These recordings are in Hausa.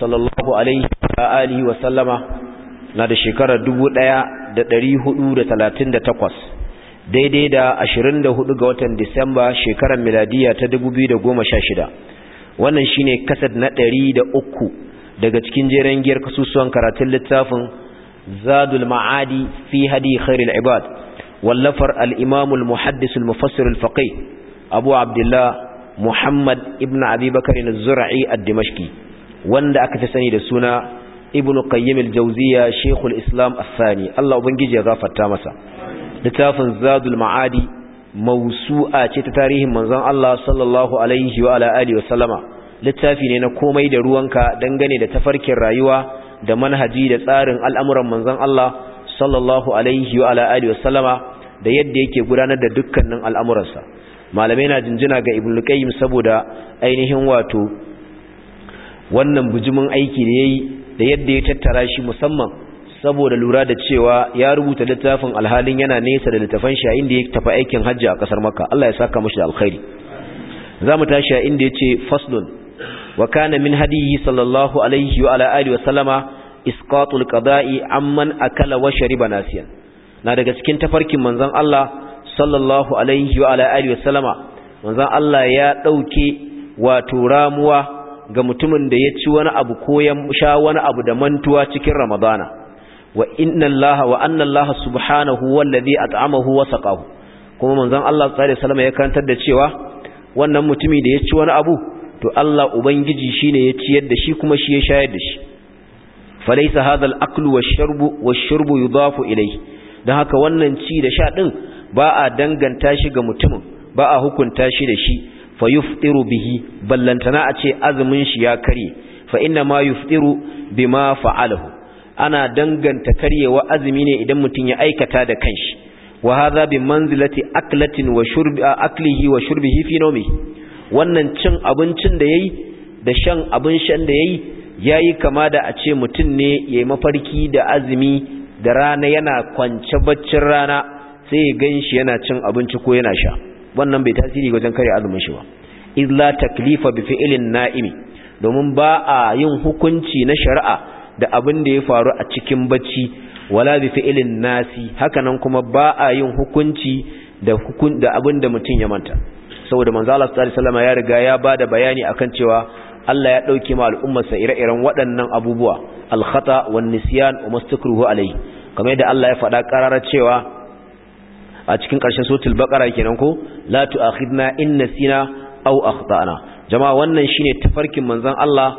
sallallahu alaihi wa alihi wa sallama na da shekarar 1438 daidai da 24 ga watan Disamba shekarar miladiya ta 2016 wannan shine kasad na 103 daga cikin jeren giyar kasusuwan karatun littafin Zadul Ma'adi fi hadi khairul ibad wallafar al-Imam al-Muhaddis al-Mufassir al-Faqih Abu Abdullah Muhammad ibn Abi Bakr az-Zur'i ad-Dimashqi wanda aka fi sani da suna ibnu qayyim al-jawziya shaykhul islam athani Allah ubangiji ya gafarta masa littafin zadul ma'adi mawsu'a ce ta tarihin manzon Allah sallallahu alaihi wa ala alihi wa sallama littafi ne na komai da ruwanka dangane da tafarkin rayuwa da manhaji da tsarin al'amuran manzon Allah sallallahu alaihi wa ala alihi wa sallama da yadda yake gudanar da dukkanin al'amuransa malamai na jinjina ga ibnu qayyim saboda ainihin wato wannan bujumin aiki da yayi da yadda ya tattara shi musamman saboda lura da cewa ya rubuta littafin alhalin yana nesa da littafan shi a inda ya tafi aikin hajji a kasar Makka Allah ya saka mashi da alkhairi zamu tashi a inda yace faslun wa kana min hadihi sallallahu alaihi wa ala alihi wa sallama isqatul qada'i amman akala wa shariba nasiyan na daga cikin tafarkin manzon Allah sallallahu alaihi wa ala alihi wa sallama manzon Allah ya dauke wato ramuwa ga mutumin da ya ci wani abu ko ya sha wani abu da mantuwa cikin ramadana wa inna allaha wa anna allaha subhanahu wallazi at'amahu wa saqahu kuma manzon Allah sallallahu alaihi wasallam ya karantar da cewa wannan mutumi da ya ci wani abu to Allah ubangiji shine ya ciyar da shi kuma shi ya shayar da shi falaysa hadha al-akl wash-shurbu wash-shurbu yudafu ilayhi dan haka wannan ci da sha din ba a danganta shi ga mutumin ba a hukunta shi da shi fa yuftiru bihi ballantana a ce azumin shi ya karye fa inna ma yuftiru bima fa'alahu ana danganta karyewa azumi ne idan mutum ya aikata da kanshi wa hadha bi manzilati aklatin wa shurbi aklihi wa shurbihi fi wannan cin abincin da yayi da shan abin shan da yayi yayi kama da a ce mutum ne yayi mafarki da azumi da rana yana kwance baccin rana sai ya ganshi yana cin abinci ko yana sha wannan bai tasiri wajen kare azumin shi ba illa taklifa bi fi'lin na'imi domin ba a yin hukunci na shari'a da abin da ya faru a cikin bacci wala bi fi'lin nasi hakanan kuma ba a yin hukunci da hukun da abin da mutum ya manta saboda manzo Allah sallallahu alaihi ya riga ya bada bayani akan cewa Allah ya dauke ma al'ummarsa ire-iren waɗannan abubuwa al-khata wan nisyan wa mastakruhu alayhi kamar yadda Allah ya faɗa ƙararar cewa a cikin ƙarshen suratul baƙara kenan ko la tu'akhidna in nasina aw akhtana jama'a wannan shine tafarkin manzon Allah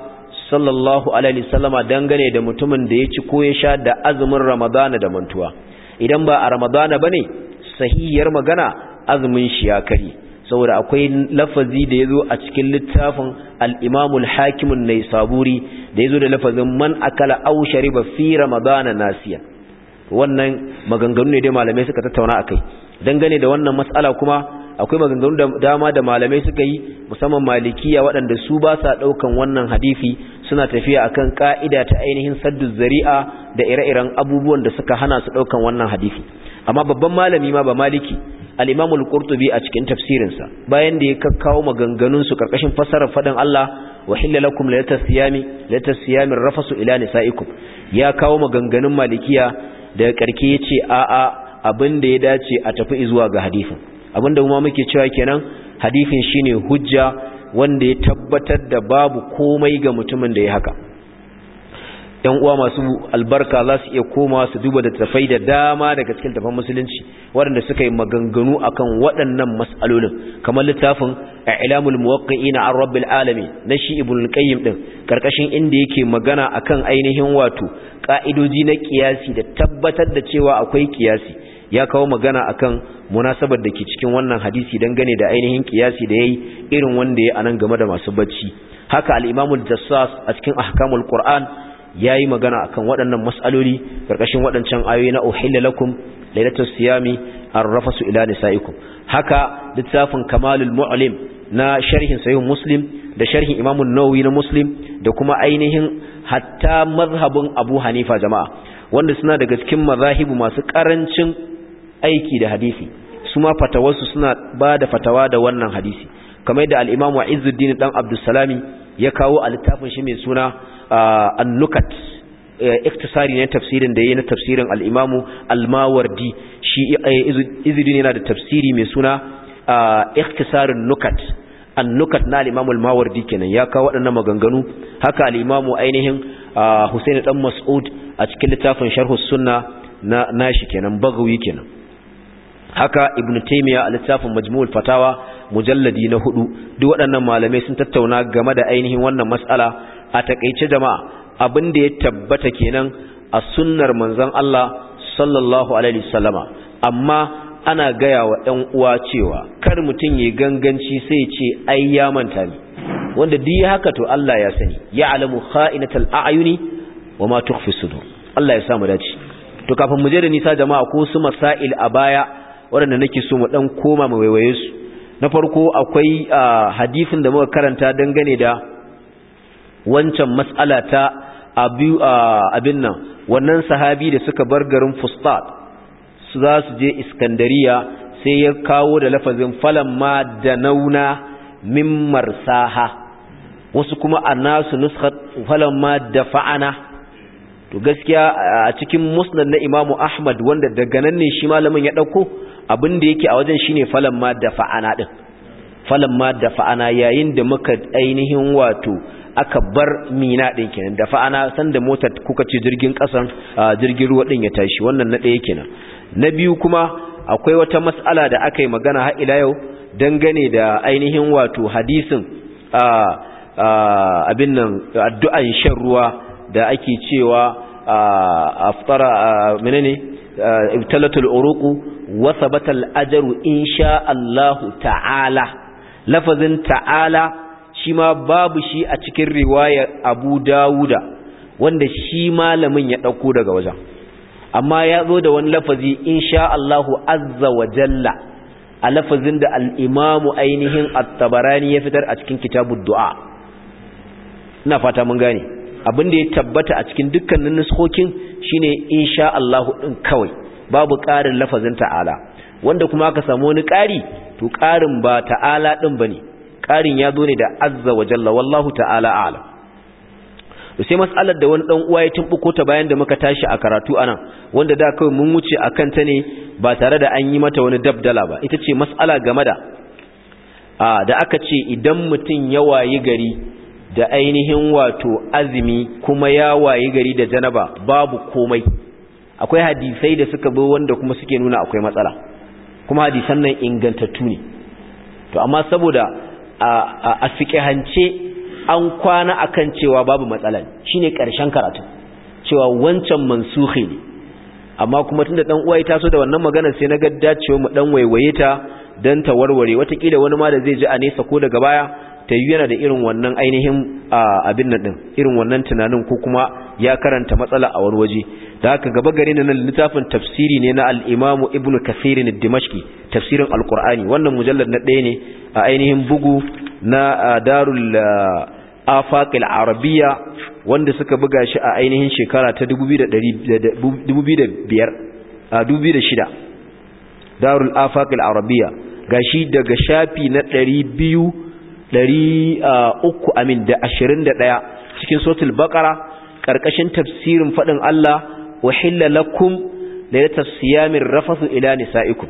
sallallahu alaihi wasallama dangane da mutumin da ya ci ko ya sha da azumin Ramadana da mantuwa idan ba a Ramadana bane sahihiyar magana azumin shi ya kari saboda akwai lafazi da yazo a cikin littafin al imamul al-Hakim an-Naisaburi da yazo da lafazin man akala aw shariba fi Ramadana nasiya wannan maganganu ne dai malamai suka tattauna kai dangane da wannan matsala kuma akwai maganganu da dama da malamai suka yi musamman malikiya waɗanda su ba sa ɗaukan wannan hadifi suna tafiya akan ka'ida ta ainihin saddu zari'a da ire-iren abubuwan da suka hana su ɗaukan wannan hadifi amma babban malami ma ba maliki al-imam al-qurtubi a cikin tafsirinsa bayan da ya kakkawo maganganun su karkashin fassarar Allah wa hilla lakum laylatas siyami laylatas siyami rafasu ila nisaikum ya kawo maganganun malikiya daga karki ya ce a'a abin da ya dace a tafi zuwa ga hadifin abin da kuma muke cewa kenan hadifin shine hujja wanda ya tabbatar da babu komai ga mutumin da ya haka yan uwa masu albarka za su iya koma su duba da tafai da dama daga cikin tafan musulunci waɗanda suka yi maganganu kan waɗannan matsalolin kamar littafin ilamul muwaqqi'ina an rabbil alami na shi ibnul qayyim din karkashin inda yake magana akan ainihin wato ka'idoji na kiyasi da tabbatar da cewa akwai kiyasi ya kawo magana akan munasabar da ke cikin wannan hadisi gane da ainihin kiyasi da yayi irin wanda ya anan game da masu bacci haka al-Imam jassas a cikin Ahkamul Qur'an Ya yi magana a kan waɗannan matsaloli ƙarƙashin waɗancan ayoyi na ohila lakum lailatul siyami arrafasu ila nisaikum haka littafin kamalul mu'lim na sharhin sahih muslim da sharhin imam an na muslim da kuma ainihin hatta mazhabin abu hanifa jama'a wanda suna daga cikin mazahibu masu karancin aiki da hadisi su ma fatawarsu suna ba da fatawa da wannan hadisi kamar da al-imam Izzuddin dan Abdussalami ya kawo a littafin shi mai suna al-lukat iktisari ne tafsirin da yi na tafsirin al al-mawardi shi izudin yana da tafsiri mai suna iktisarun nukat annukat na al al-mawardi kenan ya kawo waɗannan maganganu haka al'imamu ainihin Husaini dan Mas'ud a cikin littafin Sharh sunna na nashi kenan bagawi kenan haka Ibn taimiya a littafin Majmu'ul Fatawa mujalladi na hudu duk waɗannan malamai sun tattauna game da ainihin wannan matsala. a takaice jama'a abin da ya tabbata kenan a sunnar manzon Allah sallallahu alaihi wasallama amma ana gaya wa ɗan uwa cewa kar mutum ya ganganci sai ce ai ya manta ni wanda duk haka to Allah ya sani ya alamu kha'inatal a'yuni wa ma tukhfi sudur Allah ya samu dace to kafin mu je da nisa jama'a ko su masail a baya waɗanda nake so mu dan koma mu waiwaye su na farko akwai ah, hadisin da muka karanta dangane da wancan matsala ta abin nan wannan sahabi da suka bar garin fustat su za su je iskandariya sai ya kawo da lafazin falamma da nauna min marsaha wasu kuma a nasu nuskar falamma da fa'ana to gaskiya a cikin musnad na imamu ahmad wanda daga nan ne shi malamin ya ɗauko abin da yake a wajen shine falamma da fa'ana ɗin falamma da fa'ana yayin da muka ainihin wato aka bar mina din kenan da fa ana san da motar kuka ce jirgin kasan jirgin ruwa din ya tashi wannan na ɗaya kenan na biyu kuma akwai wata mas'ala da aka yi magana har ila yau dangane da ainihin wato hadisin abin nan addu'an shan ruwa da ake cewa aftara menene ibtalatul uruqu wa sabatal ajru insha Allah ta'ala lafazin ta'ala shi ma babu shi a cikin riwayar abu dawuda wanda shi malamin ya ɗauko daga wajen amma ya zo da wani lafazi insha Allahu azza wa jalla a lafazin da al'imamu ainihin attabarani ya fitar a cikin kitabu du'a ina fata mun gane abin da ya tabbata a cikin dukkanin nuskokin shine insha Allahu din kawai babu ƙarin lafazin ta'ala wanda kuma aka samu wani ƙari to ƙarin ba ta'ala ɗin ba ne. ƙarin ya zo ne da azza wa jalla wallahu ta'ala a'lam to sai mas'alar da wani dan uwa ya tumbuko ta bayan da muka tashi a karatu anan wanda da kai mun wuce akan ta ne ba tare da an yi mata wani dabdala ba ita ce mas'ala game da a da aka ce idan mutum ya wayi gari da ainihin wato azumi kuma ya wayi gari da janaba babu komai akwai hadisai da suka bi wanda kuma suke nuna akwai matsala kuma hadisan nan ingantattu ne to amma saboda a fiƙihance an kwana akan cewa babu matsala shine ƙarshen karatu cewa wancan mansuhi ne amma kuma tunda dan uwa ya taso da wannan magana sai na ga dacewa mu dan waiwaye ta dan ta warware watakila wani ma da zai ji a nesa ko daga baya ta yi yana da irin wannan ainihin abin nan din irin wannan tunanin ko kuma ya karanta matsala a wani waje da haka gaba gare na nan littafin tafsiri ne na al-Imam Ibn Kathir ad tafsirin al wannan mujallar na ɗaya ne a ainihin bugu na darul al arabiya wanda suka buga shi a ainihin shekara ta 2005 a 2006 darul al arabiya gashi daga shafi na 200 uku amin da 21 cikin suratul baƙara, ƙarƙashin tafsirin faɗin Allah uhilla lakum ya tafsiyamin nisa ila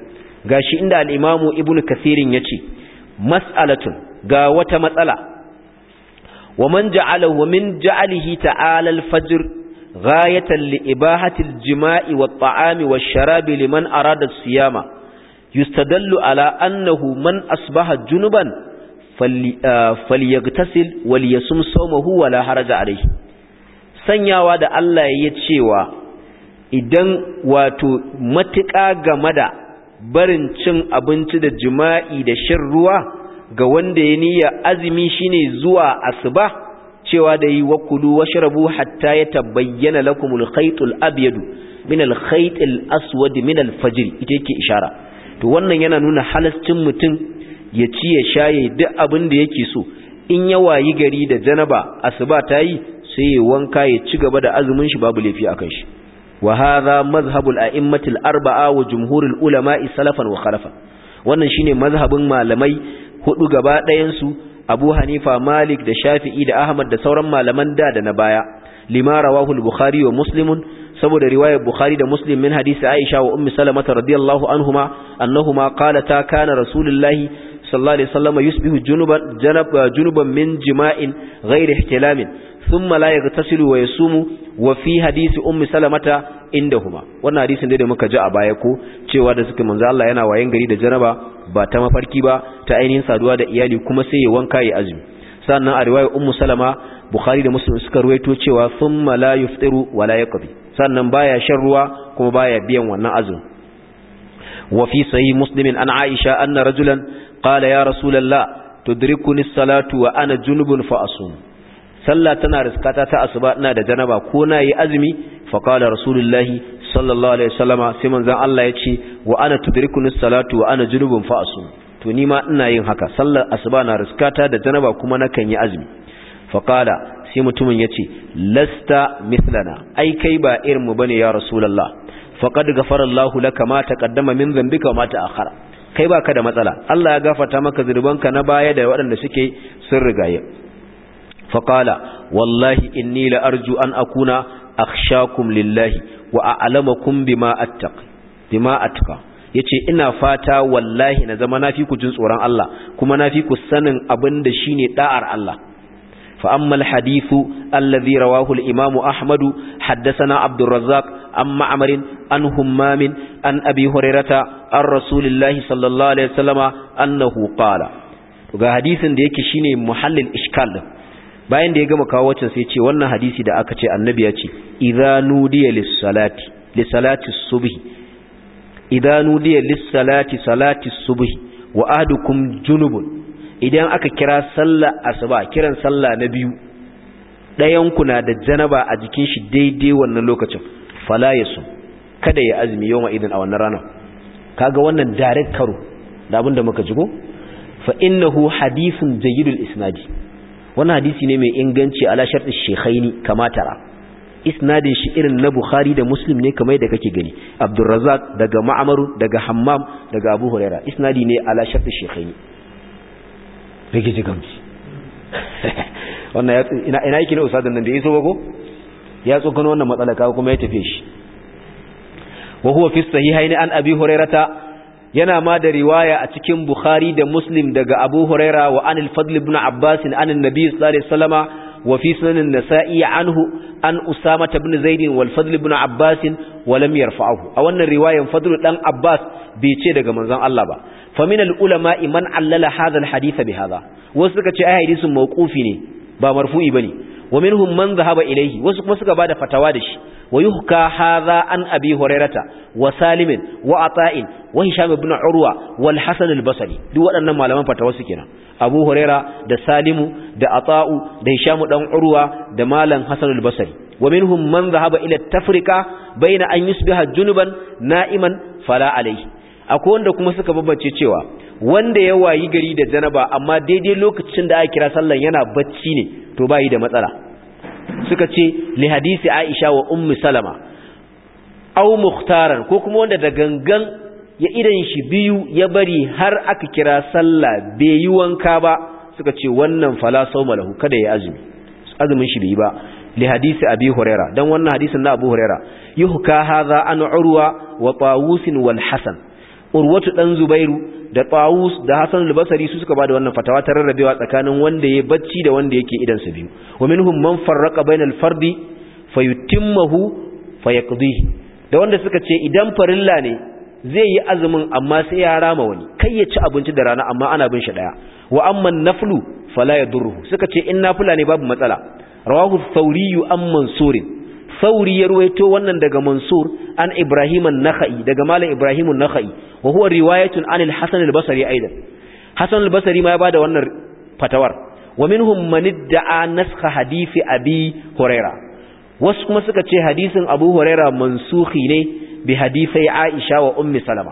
Ga shi inda al'imamu Ibn kasirin ya ce. mas'alatun ga wata matsala wa man ja'ala wa min ja'alihi ta'ala al-fajr ghayatan li ibahati al-jima'i wa at-ta'ami wa sharabi liman arada as-siyama yustadallu ala annahu man asbaha junuban ah, falyaghtasil wal yasum sawmahu wa la haraja alayhi sanyawa da Allah ya cewa idan wato matuƙa game da barin cin abinci da jima'i da shan ruwa ga wanda ya niyya azumi shine zuwa asuba cewa da yi wakulu washrabu hatta ya tabayyana lakumul khaytul abyad min al khaytil aswad min al fajr ita yake ishara to wannan yana nuna halarcin mutum ya ci ya sha shaye duk abin da yake so in ya wayi gari da janaba asuba ta yi sai ya wanka ya ci gaba da azumin shi babu laifi akan shi wa hadha mazhabul a'immatil arba'a wa jumhurul ulama'i salafan wa wannan shine mazhabin malamai hudu gaba ɗayan su Abu Hanifa Malik da Shafi'i da Ahmad da sauran malaman da da na baya lima rawahu al-Bukhari wa Muslimun saboda riwayar Bukhari da Muslim min hadisi Aisha wa Ummu Salama radiyallahu anhuma annahuma qalata kana Rasulullahi sallallahu alaihi wasallam yusbihu junuban junuban min jima'in ghairi ihtilamin ثم لا يغتسل wa yasumu حديث ام hadisi عندهما wannan hadisin dai da muka ji a baya ko cewa da suka manzo Allah yana wayan gari da janaba ba ta mafarki ba ta ainihin saduwa da iyali kuma sai ya wanka ya azumi sannan a riwaya ummu salama bukhari da muslim suka ruwaito cewa thumma la yuftiru wa la yaqdi sannan baya shan ruwa kuma baya biyan wannan azumi wa fi sahih muslim an aisha anna rajulan qala ya rasulullah tudrikuni salatu wa ana junubun fa asum sallah tana riskata ta asuba ina da janaba ko na yi azumi fa qala rasulullahi sallallahu alaihi wasallama sai manzon Allah ya ce wa ana tudrikuni salatu wa ana junubun fa asum to ni ma ina yin haka sallar asuba na riskata da janaba kuma na kan yi azumi fa qala sai mutumin ya ce lasta mithlana ai kai ba irin mu bane ya rasulullah faqad ghafara Allahu laka ma taqaddama min dhanbika wa ma ta'akhara kai baka da matsala Allah ya gafarta maka zurbanka na baya da waɗanda suke sun rigaye faƙala wallahi inni la'arju an akuna akhshakum lillahi wa a'lamakum bima attaq bima yace ina fata wallahi na zama nafi ku jin tsoron Allah kuma nafi ku sanin abin da shine da'ar Allah fa amma alhadithu alladhi rawahu al-imam Ahmad haddathana an Ma'mar an Humamin, an Abi hurairata an Rasulillahi sallallahu alaihi wasallama annahu qala ga hadisin da yake shine muhallin Ishkal. bayan da ya gama kawo wacce sai ce wannan hadisi da aka ce annabi ya ce Idanu nudiya lis-salati lis-salati subhi idza nudiya lis-salati wa junubun idan aka kira sallah asuba kiran sallah na biyu dayan ku da janaba a jikin shi daidai wannan lokacin fala yasum kada ya azumi yawma idan a wannan ranar kaga wannan direct karo da abinda muka jigo fa innahu hadithun jayyidul isnadi wannan hadisi ne mai inganci ala shartu shekhaini kama tara isnadin shi irin na bukhari da muslim ne kamar da kake gani Abdulrazak, daga ma'amaru daga hammam daga abu huraira isnadi ne ala shartu shekhaini rikici gamsi wannan ina ina yake ne usadan nan da yaso ba ko ya tsokano wannan matsala kuma ya tafi shi wa huwa fi sahihaini an abi hurairata yana ma da riwaya a cikin Bukhari da Muslim daga Abu Huraira wa Anil Fadl ibn Abbas an Annabi sallallahu alaihi wasallama wa fi sunan nasai anhu an Usama ibn Zaid wal Fadl ibn Abbas wa lam yarfa'ahu a wannan riwayan Fadl dan Abbas bai ce daga manzon Allah ba fa min al-ulama man allala hadha al-hadith bi hadha wasu suka ce ai hadisin mawqufi ne ba marfu'i bane wa minhum man dhahaba ilayhi wasu kuma suka bada fatawa da shi ويحكى هذا عن أبي هريرة وسالم وعطاء وهشام بن عروة والحسن البصري دو أن معلمان فتوسكنا أبو هريرة دا سالم دا عطاء دا هشام بن عروة دا مالا حسن البصري ومنهم من ذهب إلى التفرقة بين أن يصبح جنبا نائما فلا عليه akwai wanda kuma suka babbace cewa wanda ya wayi gari da janaba amma daidai lokacin da aka kira sallan yana bacci ne to bai da matsala suka ce li hadisi Aisha wa ummu Salama au mukhtaran ko kuma wanda da gangan ya idan shi biyu ya bari har aka kira sallah bai yi wanka ba suka ce wannan fala sauma lahu kada ya azumi azumin shi bai ba li hadisi abi huraira dan wannan hadisin na abu huraira yuhka hadha an urwa wa tawus wal hasan urwatu dan zubairu da Tawus da Hasan al-Basri su suka bada wannan fatawa ta rarrabewa tsakanin wanda ya bacci da wanda yake idan sa biyu wa minhum man farraqa bainal fardi mahu fayaqdihi da wanda suka ce idan farilla ne zai yi azumin amma sai ya rama wani kai ya ci abinci da rana amma ana bin shi daya wa amman naflu fala yadurruhu suka ce in nafila ne babu matsala rawahu thawri an mansurin sauri ya ruwaito wannan daga mansur an ibrahim an-nakhai daga malam ibrahim an-nakhai wa huwa riwayatun an al-hasan al-basri aidan hasan al-basri ma ya bada wannan fatawar wa minhum man idda'a naskha hadisi abi huraira wasu kuma suka ce hadisin abu huraira mansukhi ne bi aisha wa ummi salama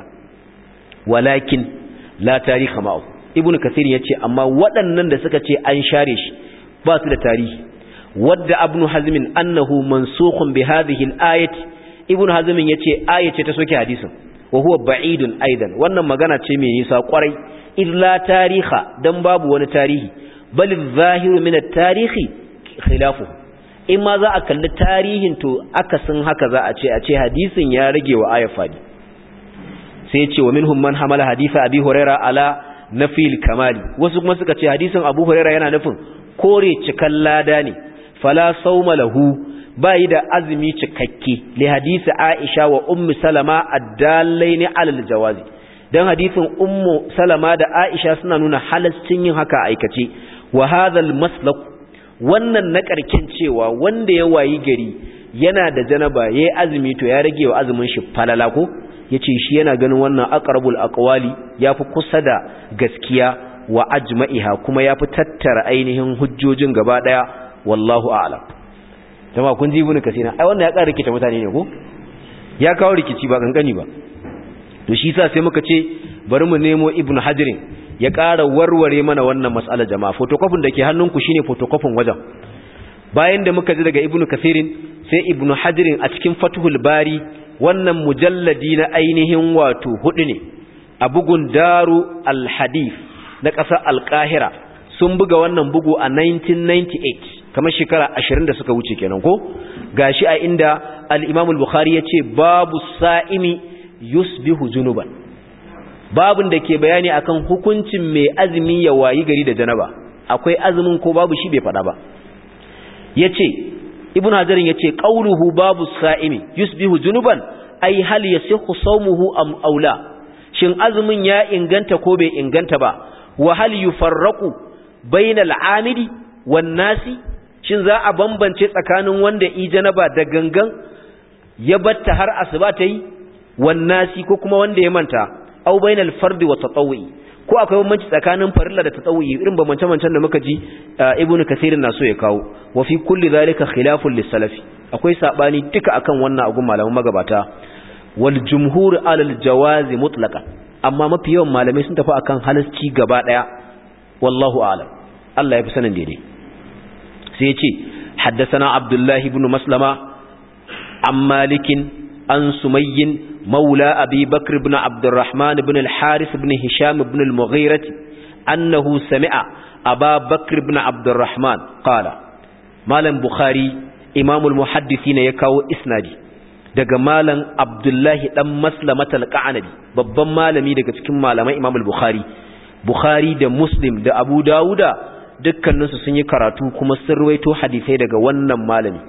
walakin la tarihi ma'u ibnu kathir yace amma waɗannan da suka ce an share shi ba su da tarihi wadda abnu hazmin annahu mansukhun bi hadhihi al-ayati ibnu hazmin yace ayace ta soke hadisin wa huwa ba'idun aidan wannan magana ce mai nisa kwarai illa tariha dan babu wani tarihi bal zahiru min at-tarihi khilafu in ma za a kalli tarihin to akasin haka za a ce a ce hadisin ya rage wa aya fadi sai ya ce wa minhum man hamala hadisa abi huraira ala nafil kamali wasu kuma suka ce hadisin abu huraira yana nufin kore cikan lada ne fala sauma lahu bayi da azumi cikakke li hadisi Aisha wa ummu Salama addalaini alal jawazi dan hadisin ummu Salama da Aisha suna nuna halascin yin haka aikace wa hadhal maslak wannan nakarkin cewa wanda ya wayi gari yana da janaba yayi azumi to ya rage wa azumin shi falala ko yace shi yana ganin wannan aqrabul aqwali fi kusa da gaskiya wa ajma'iha kuma ya fi tattara ainihin hujjojin gaba daya wallahu a'lam jama'a kun ji ibnu kasina ai wannan ya ƙara rikita mutane ne ko ya kawo rikici ba kankani ba to shi yasa sai muka ce bari mu nemo ibnu hadirin ya ƙara warware mana wannan mas'ala jama'a photocopy da ke hannun ku shine photocopy wajen bayan da muka ji daga ibnu kasirin sai ibnu hadirin a cikin fathul bari wannan mujalladi na ainihin wato hudu ne a bugun daru al hadith na ƙasar qahira sun buga wannan bugu a 1998 kamar shekara ashirin da suka wuce kenan ko gashi a inda al-Imam al-Bukhari yace babu sa'imi yusbihu junuban babun da ke bayani akan hukuncin mai azumi ya wayi gari da janaba akwai azumin ko babu shi bai fada ba yace Ibn Hajar yace qauluhu babu sa'imi yusbihu junuban ai hal yasihhu sawmuhu am aula shin azumin ya inganta ko bai inganta ba wa hal yufarraqu bainal amidi wan nasi shin za a bambance tsakanin wanda i janaba da gangan ya batta har asuba ta yi wannasi ko kuma wanda ya manta au bainal fardi wa tatawwi ko akwai bambanci tsakanin farilla da tatawwi irin bambance-bambancen da muka ji eh, ibnu kasir na so ya kawo wa fi kulli zalika khilafun lisalafi akwai sabani duka akan wannan agun malaman magabata wal jumhur alal jawazi mutlaqan amma mafi yawan malamai sun tafi akan halarci gaba daya wallahu a'lam Allah ya fi sanin daidai sai ce, haddasana Abdullahi ibn maslama an malikin an sumayyin maula abi bakr ibn abdurrahman ibn al-haris ibn hisham ibn al-mughirah annahu sami'a aba bakr ibn abdurrahman qala malam bukhari imamul muhaddithina ya kawo isnadi daga malam abdullahi dan maslamatal ka'anabi babban malami daga cikin malaman imam al-bukhari bukhari da muslim da abu dawuda dukkaninsu sun yi karatu kuma sun ruwaito hadisai daga wannan malami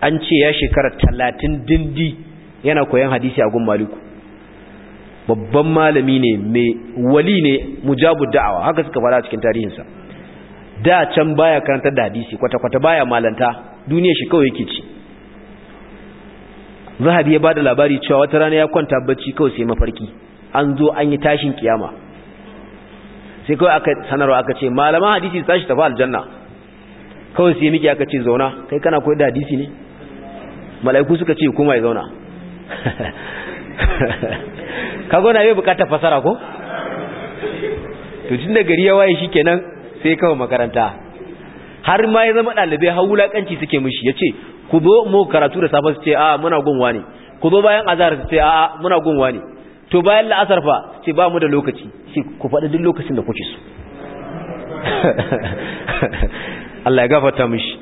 an ce ya shekara talatin dindi yana koyan hadisi a gun maliku babban malami ne mai wali ne mujabu da'awa haka suka fara cikin tarihinsa da can baya karantar da hadisi kwata-kwata baya malanta duniya shi kawai yake ci zahabi ya ba da labari cewa wata rana ya kwanta bacci kawai sai mafarki an zo an yi tashin kiyama sai kawai aka sanarwa aka ce malaman hadisi shi tafi aljanna kawai sai miki aka ce zauna kai kana koyar da hadisi ne mala'iku suka ce kuma ya zauna kago na yi bukatar fasara ko tutun da gari ya waye kenan sai kawai makaranta har ma ya zama dalibai har kanci suke ya ce ku zo mu karatu da safa su ce a muna gunwa ne ku zo bayan azara su ce a muna gunwa ne to bayan la'asar fa ce ba mu da lokaci shi ku faɗi duk lokacin da kuke so Allah ya gafarta mishi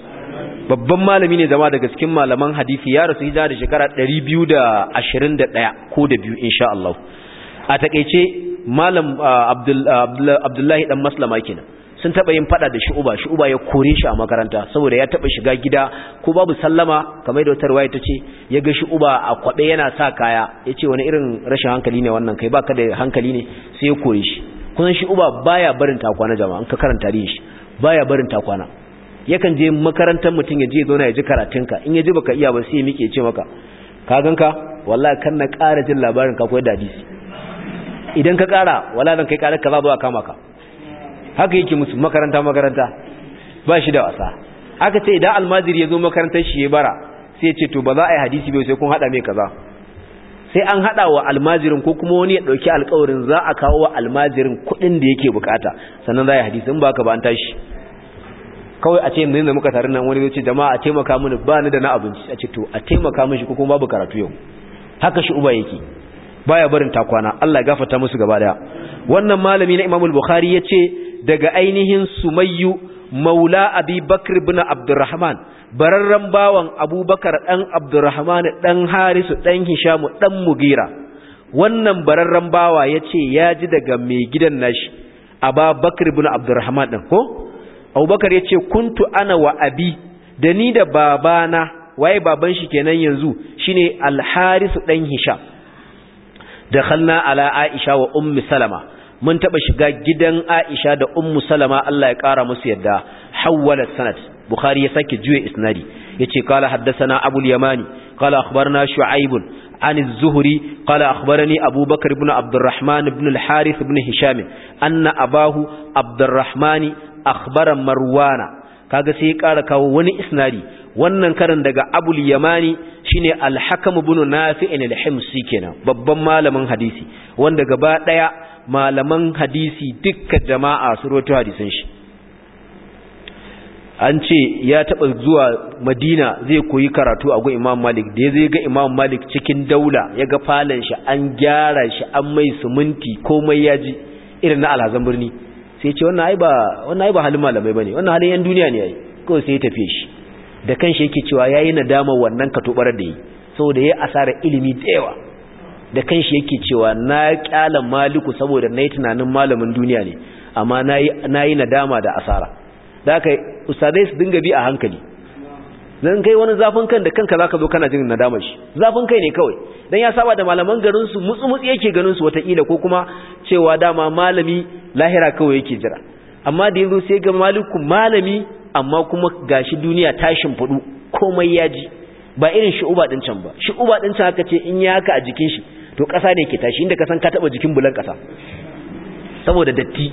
babban malami ne zama daga cikin malaman hadisi ya rasu hijira da shekara 221 ko da biyu insha Allah a takeice malam ah, ah, Abdullahi dan Maslama kenan sun taba yin fada da shu'uba shu'uba ya kore shi a makaranta saboda ya taba shiga gida ko babu sallama kamar da wata ta ce ya ga shu'uba a kwabe yana sa kaya ya ce wani irin rashin hankali ne wannan kai baka da hankali ne sai ya kore shi kusan shu'uba baya barin takwana jama'a in ka karanta rin shi baya barin takwana yakan je makarantar mutum ya je zauna ya ji karatunka in ya ji baka iya ba sai ya mike ce maka ka ganka wallahi kan na ƙara jin labarin ka koyar da hadisi idan ka ƙara wala zan kai ƙarar ka za ba kama ka haka yake musu makaranta makaranta ba shi da wasa aka ce idan almajiri ya zo makarantar shi ya bara sai ya ce to ba za a yi hadisi bai sai kun haɗa mai kaza sai an haɗa wa almajirin ko kuma wani ya ɗauki alkawarin za a kawo wa almajirin kuɗin da yake bukata sannan za a yi hadisi in ba ka ba an tashi kawai a ce yanzu da muka tarin nan wani zai ce jama'a a taimaka mini ba ni da na abinci a ce to a taimaka mishi ko kuma babu karatu yau haka shi uba yake baya barin takwana Allah ya gafarta musu gaba daya wannan malami na Imam al-Bukhari yace daga ainihin sumayyu maula abi bakr ibn abdurrahman bararren bawan abubakar dan abdurrahman dan harisu dan hishamu dan mugira wannan bararren bawa yace ya ji daga mai gidan nashi aba bakr ibn abdurrahman din ko abubakar yace kuntu ana wa abi da ni da babana waye baban shi kenan yanzu shine al harisu dan hisham dakhalna ala aisha wa ummi salama mun taba shiga gidan Aisha da Ummu Salama Allah ya kara musu yadda hawwala sanad Bukhari ya sake juya isnadi yace qala haddathana Abu al-Yamani qala akhbarna Shu'aib an az-Zuhri qala akhbarani abubakar ibn Abdurrahman ibn al-Harith ibn Hisham anna abahu Abdurrahman akhbara Marwana kaga sai ya kara kawo wani isnadi wannan karan daga abul yamani shine al-Hakam ibn Nafi' al-Himsi kenan babban malamin hadisi wanda gaba daya malaman hadisi dukka jama'a su roto hadisan shi an ce ya taɓa zuwa madina zai koyi karatu a gun imam malik da ya zai ga imam malik cikin daula ya ga falon shi an gyara shi an mai suminti komai ya ji irin na alhazan birni sai ce wannan ai ba halin malamai ba ne wannan halin yan duniya ne ya yi kawai sai ya tafiye shi da kan shi yake cewa ya yi nadama wannan katobar da yi saboda ya asara ilimi da yawa da kanshi yake cewa na kyalan maliku saboda na yi tunanin malamin duniya ne amma na yi nadama da asara da aka ustazai su dinga bi a hankali don kai wani zafin kan da kanka za ka zo kana jin nadama shi zafin kai ne kawai don ya saba da malaman garinsu mutsu-mutsu yake ganinsu wataƙila ko kuma cewa dama malami lahira kawai yake jira amma da yanzu sai ga maliku malami amma kuma gashi duniya tashin fudu komai ya ji ba irin shi'uba din can ba shi'uba din can haka ce in ya haka a jikin shi to ƙasa ne ke tashi inda ka san ka taɓa jikin bulan ƙasa saboda datti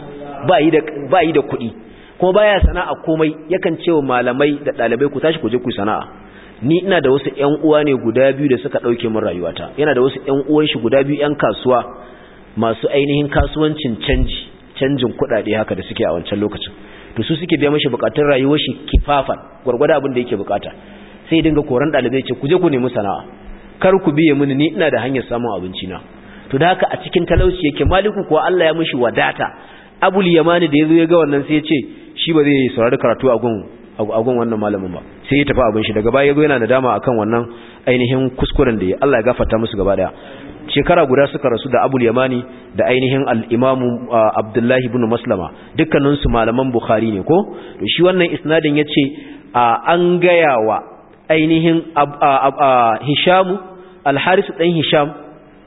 ba yi da kuɗi kuma baya sana'a komai yakan ce wa malamai da ɗalibai ku tashi ku je ku sana'a ni ina da wasu ƴan uwa ne guda biyu da suka ɗauke min rayuwata yana da wasu ƴan uwan shi guda biyu ƴan kasuwa masu ainihin kasuwancin canji canjin kuɗaɗe haka da suke a wancan lokacin to su suke biya mashi buƙatun rayuwar shi kifafan gwargwada abin da yake buƙata, sai dinga koran ɗalibai ce ku je ku nemi sana'a kar ku biye mini ni ina da hanyar samun abinci na to da haka a cikin talauci yake maliku ko Allah ya mishi wadata abul yamani da yazo ya ga wannan sai ya ce shi ba zai saurari karatu a gun a wannan malamin ba sai ya tafi abin shi daga baya yazo yana dama akan wannan ainihin kuskuren da ya Allah ya gafarta musu gaba daya shekara guda suka rasu da abul yamani da ainihin al'imamu uh, abdullahi ibn maslama su malaman bukhari ne ko to shi wannan isnadin ya ce an gaya wa ainihin uh, uh, hishamu alharisu ɗan hisham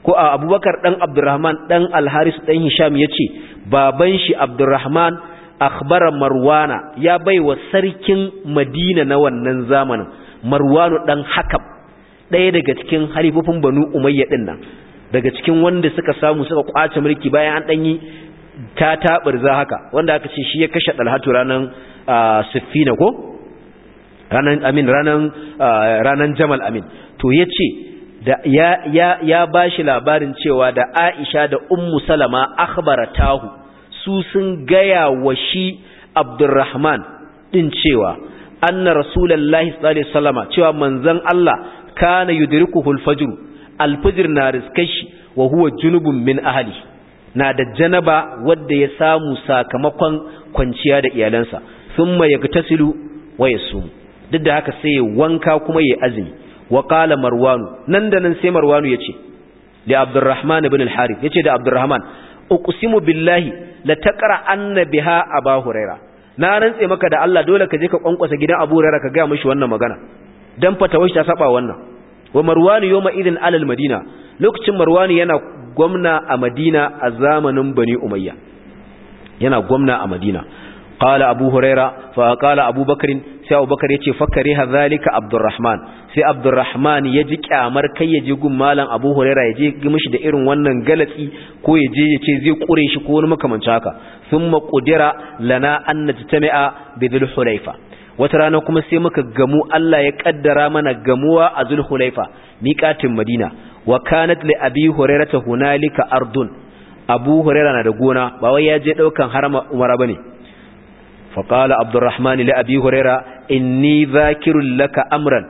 ko a abubakar ɗan abdurrahman ɗan alharisu ɗan hisham ya ce baban shi abdurrahman akhbara marwana ya bai wa sarkin madina na wannan zamanin marwanu ɗan hakam ɗaya daga cikin halifofin banu umayya ɗin nan daga cikin wanda suka samu suka kwace mulki bayan an ɗanyi ta tabar za haka wanda aka ce shi ya kashe ɗalhatu ranar siffina ko ranan amin ranan ranan jamal amin to ya ce. da ya ya ya bashi labarin cewa da Aisha da Ummu Salama akhbaratahu su sun gaya wa shi Abdurrahman din cewa anna rasulullahi sallallahu alaihi wasallama cewa manzon Allah kana yudrikuhu al-fajr na riskashi wa huwa junubun min ahli na da janaba wanda ya samu sakamakon kwanciya da iyalansa thumma yagtasilu wa yasum duk da haka sai wanka kuma yayi azumi wa marwanu nan da nan sai marwanu yace da abdurrahman ibn al-harith yace da abdurrahman uqsimu billahi la taqra anna biha huraira na rantse maka da Allah dole ka je ka kwankwasa gidan abu huraira ka ga mishi wannan magana dan fatawashi ta saba wannan wa marwanu yawma idin alal madina lokacin marwanu yana gwamna a madina a zamanin bani umayya yana gwamna a madina qala abu huraira sai abu bakar yace fakari hadhalika abdurrahman sai abdurrahman ya ji kyamar kai ya gun malam abu ya je mishi da irin wannan galatsi ko ya je zai kure shi ko wani haka thumma qudira lana an najtami'a bi wata rana kuma sai muka gamu Allah ya kaddara mana gamuwa a dhul hulaifa miqatin madina wa kanat hunalika ardun na da gona ba wai ya je umara faƙala abdurrahman li abi huraira inni zakirun laka amran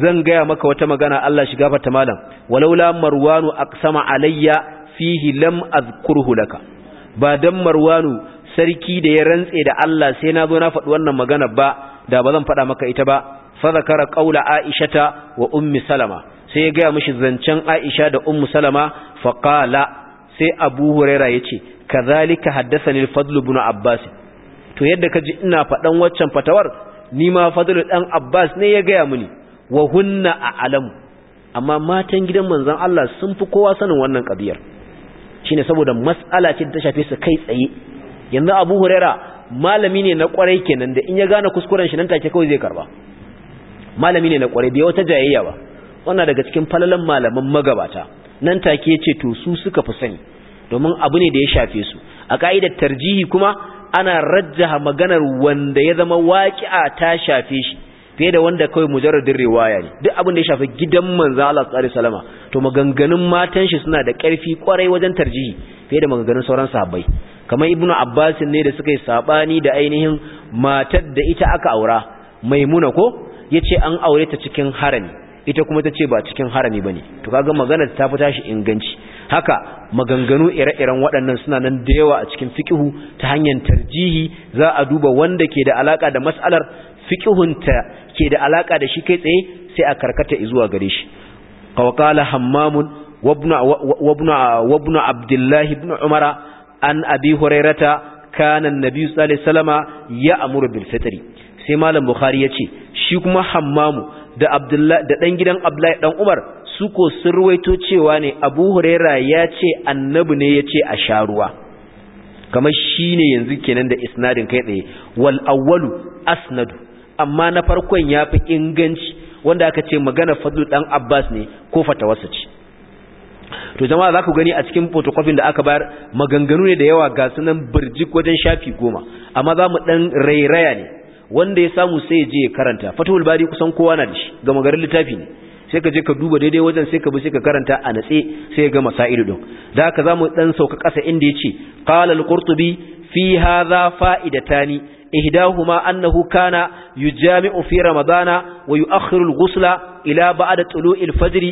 zan gaya maka wata magana Allah shiga fata malam walaula marwanu aqsama alayya fihi lam azkurhu laka ba dan marwanu sarki da ya rantse da Allah sai na zo na faɗi wannan magana ba da ba zan faɗa maka ita ba fa zakara qaula aishata wa ummi salama sai ya gaya mashi zancen aisha da ummu salama faqala sai abu huraira yace kazalika haddathani al-fadl ibn abbas to yadda ka ji ina faɗan waccan fatawar ni ma fadlu dan abbas ne ya gaya mini wa hunna a alamu amma matan gidan manzon Allah sun fi kowa sanin wannan kabiyar shine saboda mas'ala ce ta shafe su kai tsaye yanzu abu huraira malami ne na kwarai kenan da in ya gane kuskuren shi nan take kawai zai karba malami ne na kwarai bai wata jayayya ba wannan daga cikin falalan malaman magabata nan take ce to su suka fi sani domin abu ne da ya shafe su a ka'idar tarjihi kuma ana rajjaha maganar wanda ya zama waƙi'a ta shafe shi fiye da wanda kawai mujarradin riwaya ne duk abin da ya shafi gidan manzo Allah sallallahu alaihi wasallam to maganganun matan shi suna da ƙarfi ƙwarai wajen tarjihi fiye da maganganun sauran sahabbai kamar ibnu abbas ne da suka yi sabani da ainihin matar da ita aka aura maimuna ko yace an aure ta cikin harami ita kuma ta ce ba cikin harami bane to kaga maganar ta fita shi inganci haka maganganu ire-iren waɗannan suna nan da yawa a cikin fikihu ta hanyar tarjihi za a duba wanda ke da alaka da mas'alar fikihunta ke da alaka da shi kai tsaye sai a karkata zuwa gare shi kawakala hammamun wabna wabna Abdullahi ibn umara an abi hurairata kana annabi sallallahu alaihi wasallama amuru bil fitri sai malam bukhari ce shi kuma hammamu da abdullahi da dan gidan abdullahi dan umar su ko sun ruwaito cewa ne abu huraira ya ce annabi ne ya ce a sha ruwa kamar shi ne yanzu kenan da isnadin kai tsaye wal awwalu asnadu amma na farkon ya fi inganci wanda aka ce magana fadlu dan abbas ne ko fatawarsa ce to jama'a za ku gani a cikin photocopying da aka bayar maganganu ne da yawa ga sunan birjik wajen shafi goma amma za mu dan rairaya ne wanda ya samu sai ya je ya karanta fatahul bari kusan kowa na da shi gama garin littafi ne sai ka je ka duba daidai wajen sai ka bi sai ka karanta a natse sai gama masailu din da haka zamu dan sauka kasa inda yace qala al-qurtubi fi hadha fa'idatani ihdahuma annahu kana yujami'u fi ramadana wa yu'akhiru al-ghusla ila ba'da tulu'il fajr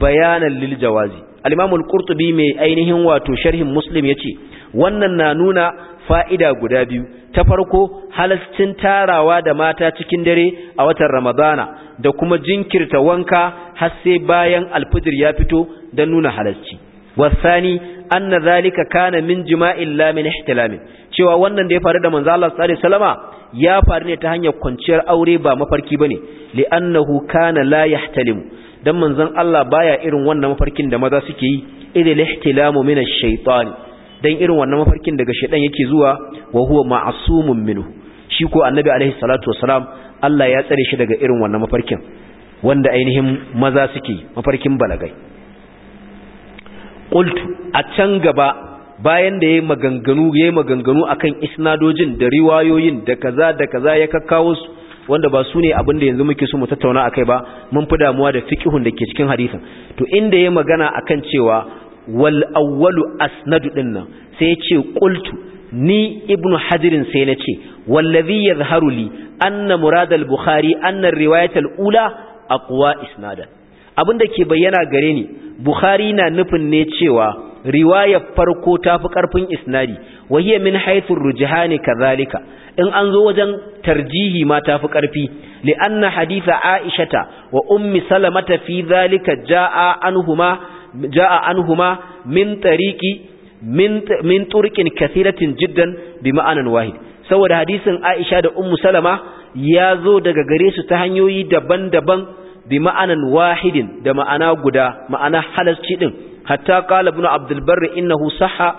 bayanan lil jawazi al-imam al-qurtubi mai ainihin wato sharhin muslim yace wannan na nuna fa'ida guda biyu ta farko halascin tarawa da mata cikin dare a watan ramadana da kuma jinkirta wanka har sai bayan alfijir ya fito don nuna halarci wasani anna zalika kana min jima'in la min ihtilamin cewa wannan da ya faru da manzo Allah sallallahu alaihi wasallam ya faru ne ta hanyar kwanciyar aure ba mafarki bane li'annahu kana la yahtalim dan manzon Allah baya irin wannan mafarkin da maza suke yi idil ihtilamu min ash-shaytan dan irin wannan mafarkin daga shaytan yake zuwa wa huwa ma'sumun minhu shi ko annabi alaihi salatu wasalam Allah ya tsare shi daga irin wannan mafarkin wanda ainihin maza suke mafarkin balagai qultu a can gaba bayan da yayi maganganu yayi maganganu akan isnadojin da riwayoyin da kaza da kaza ya kakkawo su wanda ba su ne abin da yanzu muke so mu tattauna akai ba mun fi damuwa da fiqhun da ke cikin hadisin to inda yayi magana akan cewa wal awwalu asnadu nan, sai ya ce qultu ni ibnu hadirin sai na ce wallazi yadhharu li anna murad al-bukhari anna riwayat al-ula aqwa isnada abinda ke bayyana gare ni bukhari na nufin ne cewa riwaya farko tafi karfin isnadi wa hiya min haythu rujhani kadhalika in an zo wajen tarjihi ma tafi karfi li anna haditha aishata wa ummi salamata fi dhalika jaa anhuma jaa anhuma min tariqi min turkin kathiratin jiddan bi ma'anan wahid saboda hadisin Aisha da Ummu Salama ya zo daga gare su ta hanyoyi daban-daban bi ma'anan wahidin da ma'ana guda ma'ana halasci din hatta qala ibn Abdul Barr innahu sahha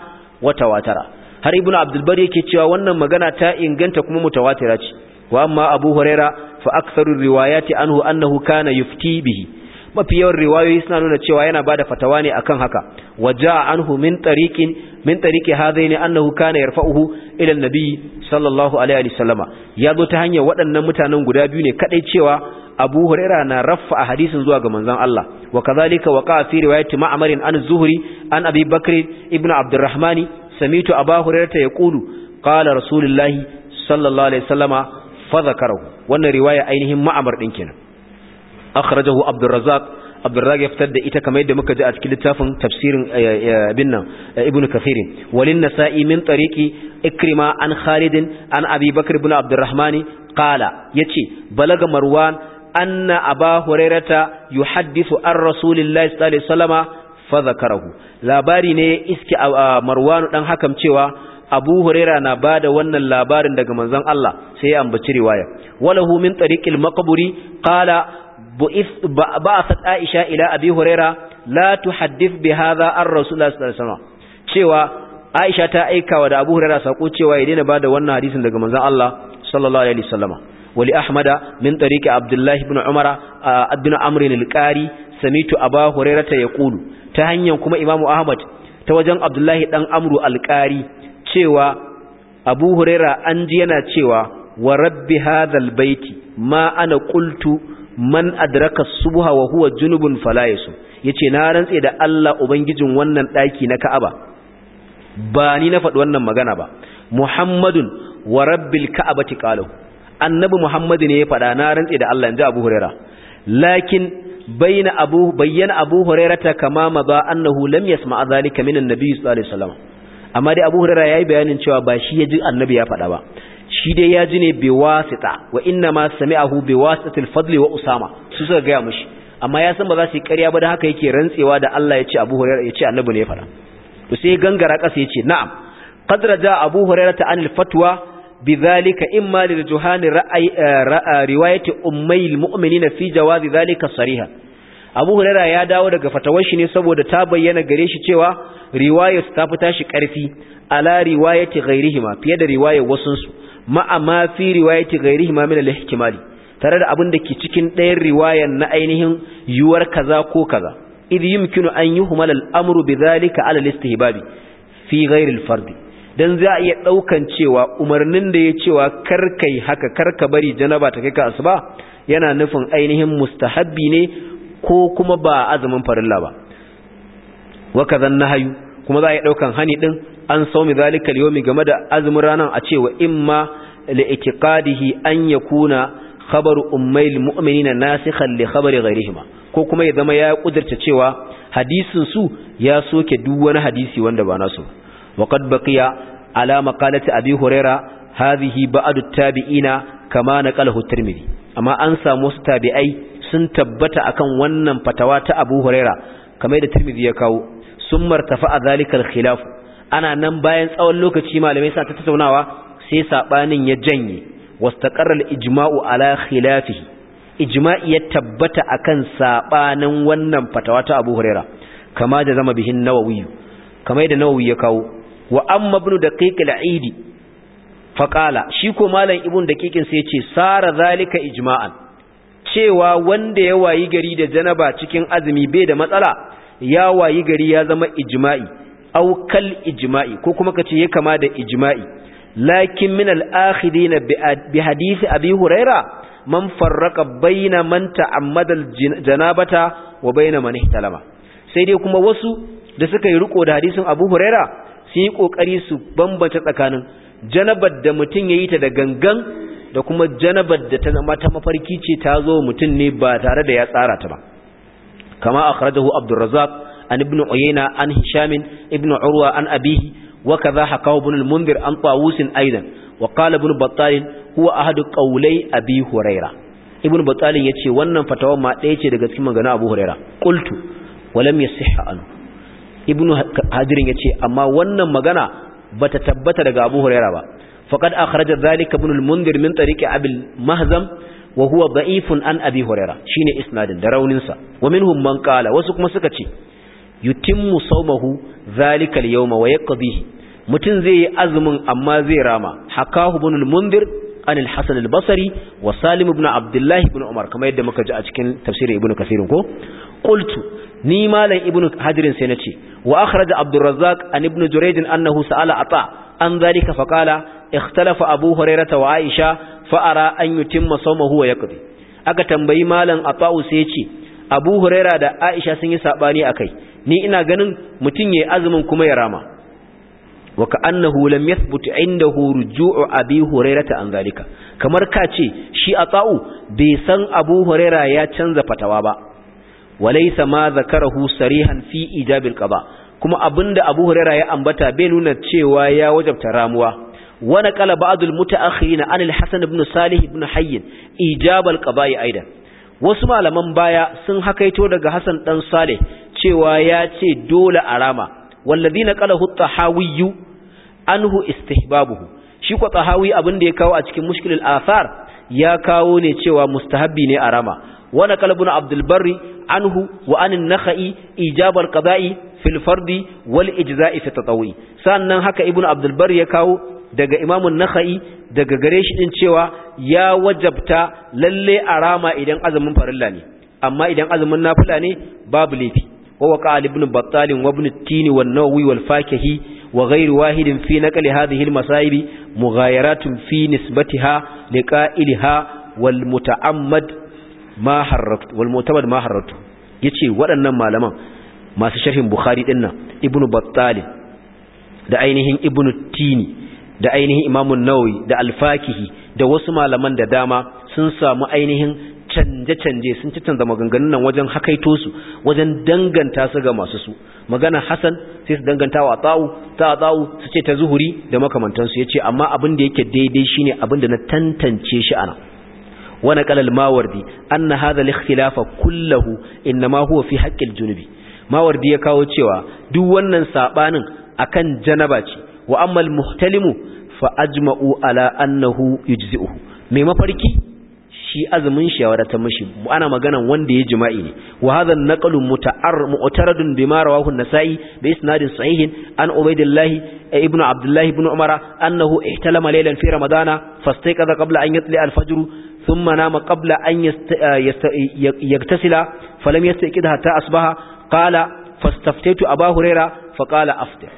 wa tawatara har ibn Abdul Barr yake cewa wannan magana ta inganta kuma mutawatira ce wa amma Abu Huraira fa aktharu riwayati anhu annahu kana yufti bihi mafi yawan riwayoyi suna nuna cewa yana da fatawa ne akan haka waja anhu min tariqin min tariqi hadaini annahu kana yarfa'uhu ila annabi sallallahu alaihi Ya zo ta hanyar waɗannan mutanen guda biyu ne kadai cewa Abu Huraira na raffa a hadisin zuwa ga manzon Allah wa kadhalika waqa fi riwayati Ma'mar an Zuhri an Abi Bakr ibn Abdurrahman samitu Abu Hurairata yaqulu qala Rasulullahi sallallahu alaihi wasallama fa zakarahu wannan riwaya ainihin Ma'mar din kenan akhrajahu abdurrazzaq abdurrazzaq ya fitar da ita kamar yadda muka ji a cikin littafin tafsirin eh, eh, ibn nan eh, ibn kafiri walin nasa'i min tariqi ikrima an khalid an abi bakr ibn abdurrahman qala yace balaga marwan anna aba hurairata yuhaddithu an rasulillahi sallallahu alaihi wasallama fa zakarahu labari ne iski marwan dan hakam cewa abu huraira na ba da wannan labarin daga manzon Allah sai ya ambaci riwaya walahu min tariqil maqburi qala ba'athat Aisha ila Abi Huraira la tuhaddith bi hadha ar Rasulullah sallallahu alaihi cewa Aisha ta aika wa da Abu Huraira sako cewa ya daina bada wannan hadisin daga manzon Allah sallallahu alaihi wasallam wali Ahmad min tariqi Abdullah ibn Umar ibn Amr al-Qari samitu Abu Huraira ta yaqulu ta hanyar kuma Imam Ahmad ta wajen Abdullah dan Amru al-Qari cewa Abu Huraira an ji yana cewa wa rabbi hadha al-baiti ma ana qultu man adraka subha wa huwa junubun fala Ya yace na rantse da Allah ubangijin wannan daki na Ka'aba ba ni na faɗi wannan magana ba Muhammadun wa rabbil Ka'abati qalu annabi Muhammadu ne ya faɗa na rantse da Allah inji Abu Huraira lakin bayna Abu bayyana Abu Huraira ta kama ma ba annahu lam yasma zalika minan annabi sallallahu alaihi wasallam amma dai Abu Huraira yayi bayanin cewa ba shi ya ji annabi ya faɗa ba shi dai ya ji ne bi wasita wa inna ma sami'ahu bi wasitatil fadli wa usama su suka gaya mishi amma ya san ba za su yi ƙarya ba da haka yake rantsewa da Allah ya ce Abu Hurairah ya ce Annabi ne ya faɗa to sai gangara ƙasa ya ce na'am qad raja Abu Hurairah ta anil fatwa bidhalika imma lil juhani ra'ay eh, riwayati ummayil mu'minina fi jawazi dhalika sariha Abu Hurairah ya dawo daga fatawar shi ne saboda ta bayyana gare shi cewa riwayar ta fita shi ƙarfi ala riwayati ghairihima fiye da riwayar wasunsu ma'a ma fi riwayati ghairihi ma min al-ihtimali tare da abin da ke cikin ɗayan riwayan na ainihin yuwar kaza ko kaza idh yumkinu an yuhmal al-amru bidhalika ala al-istihbabi fi ghairi al-fard dan za a iya daukan cewa umarnin da ya cewa karkai haka karka bari janaba ta kai ka asuba yana nufin ainihin mustahabbi ne ko kuma ba azumin farilla ba wa kaza nahayu kuma za a iya daukan hani din an saumi zalika al game da azumin ranar a cewa imma li'tiqadihi an yakuna khabar ummayil mu'minina nasikhan li khabari ghayrihima ko kuma ya zama ya kudirce cewa hadisin su ya soke duk wani hadisi wanda ba nasu wa qad baqiya ala maqalati abi huraira hadhihi ba'd at-tabi'ina kama naqalahu at-tirmidhi amma an samu su tabi'ai sun tabbata akan wannan fatawa ta abu huraira kamar da tirmidhi ya kawo sun martafa a zalikal khilafu ana nan bayan tsawon lokaci malamai sa ta tattaunawa sai sabanin ya janye wastaqarral ijmau ala khilafihi ijma'i ya tabbata akan sabanin wannan fatawa ta Abu Huraira kama da zama bihin Nawawi Kama da Nawawi ya kawo wa amma ibn daqiq al-aidi qala shi ko malam ibn daqiqin sai ya ce sara zalika ijma'an cewa wanda ya wayi gari da janaba cikin azumi bai da matsala ya wayi gari ya zama ijma'i aw kal ijma'i ko kuma kace ya kama da ijma'i lakin min al na bi hadisi abi huraira man farraqa baina man ta'ammada janabata wa baina man ihtalama sai dai kuma wasu da suka yi riko da hadisin abu huraira sun yi kokari su bambata tsakanin janabar da mutum yayi ta da gangan da kuma janabar da ta zama ta mafarki ce ta zo mutum ne ba tare da ya tsara ta ba kama akhrajahu abdurrazzaq an ibn uyayna an hisham ibn urwa an abihi wa kadha hakahu ibn al-mundhir an tawus aidan wa qala ibn battal huwa ahad qawlai abi huraira ibn battal wannan fatawa ma ɗaya daga cikin magana abu huraira qultu wa lam yasihha an ibn hadirin yace amma wannan magana bata tabbata daga abu huraira ba faqad akhraja dhalika ibn al-mundhir min tariqi abil mahzam wa huwa da'ifun an abi huraira shine isnadin da raunin wa minhum man qala wasu kuma suka ce yutimmu sawmahu zalikal al-yawma wa yaqdihi mutun zai yi azumin amma zai rama hakahu ibn al-mundir an al-hasan al-basri wa salim ibn abdullah ibn umar kamar yadda muka ji a cikin tafsirin ibn kasir ko qultu ni malam ibn hadirin sai nace wa akhraja abdurrazzaq an ibn jurayd annahu sa'ala ata an zalika fa qala ikhtalafa abu hurairah wa aisha fa ara an yutimma sawmahu wa yaqdi aka tambayi malam ata'u sai ya ce abu hurairah da aisha sun yi sabani akai ni ina ganin mutum ya yi azumin kuma ya rama wa ka'annahu lam yathbut indahu ruju'u abi hurairata an zalika kamar ka ce shi tsa'u bai san abu huraira ya canza fatawa ba walaysa ma zakarahu sarihan fi ijabil qada kuma abinda abu huraira ya ambata bai nuna cewa ya wajabta ramuwa wa kala ba'dul mutaakhirin an al-hasan ibn salih ibn hayy ijabal qada'i aidan wasu malaman baya sun hakaito daga hasan dan salih cewa ya ce dole a rama na qalahu tahawiyyu anhu istihbabuhu shi kwa tahawi abin da ya kawo a cikin mushkilul athar ya kawo ne cewa mustahabbi ne a rama wa naqala abdul barri anhu wa anin nakhai ijabar kazai qada'i fil fardi wal ijza'i fi tatawi sannan haka ibn abdul barri ya kawo daga imamun nakhai daga gare shi din cewa ya wajabta lalle a rama idan azumin farilla ne amma idan azumin nafila ne babu laifi ووقع لابن بطال وابن التين والنووي والفاكهي وغير واحد في نقل هذه المصائب مغايرات في نسبتها لقائلها والمتعمد ما حركت والمعتمد ما حركت yace waɗannan malaman masu sharhin Bukhari din nan Ibn Battal da ainihin Ibn Tini da ainihin Imam Nawawi da Al-Fakihi da wasu malaman da dama sun samu ainihin canje-canje sun canza maganganun nan wajen hakaito su wajen danganta su ga masu su magana Hassan sai su danganta wa ta'u ta ta'u su ce ta zuhuri da makamantansu ya ce amma abin da yake daidai shine abin da na tantance shi ana wani kalal mawardi an na hada likhtilafa kullahu inna ma huwa fi haƙƙil junubi mawardi ya kawo cewa duk wannan saɓanin akan janaba ce wa ammal muhtalimu fa ajma'u ala annahu yujzi'uhu mai mafarki shi azumin shi ya mishi ana magana wanda ya jima'i ne wa hadha an-naqlu muta'ar mu'taradun bima rawahu an-nasa'i bi isnadin sahihin an ubaydillah eh, ibn abdullah ibn umar annahu ihtalama laylan fi ramadana fastayqadha qabla an yatli al-fajr thumma nama qabla an yaktasila eh, falam yastayqidha hatta asbaha qala fastaftaytu aba hurayra faqala aftir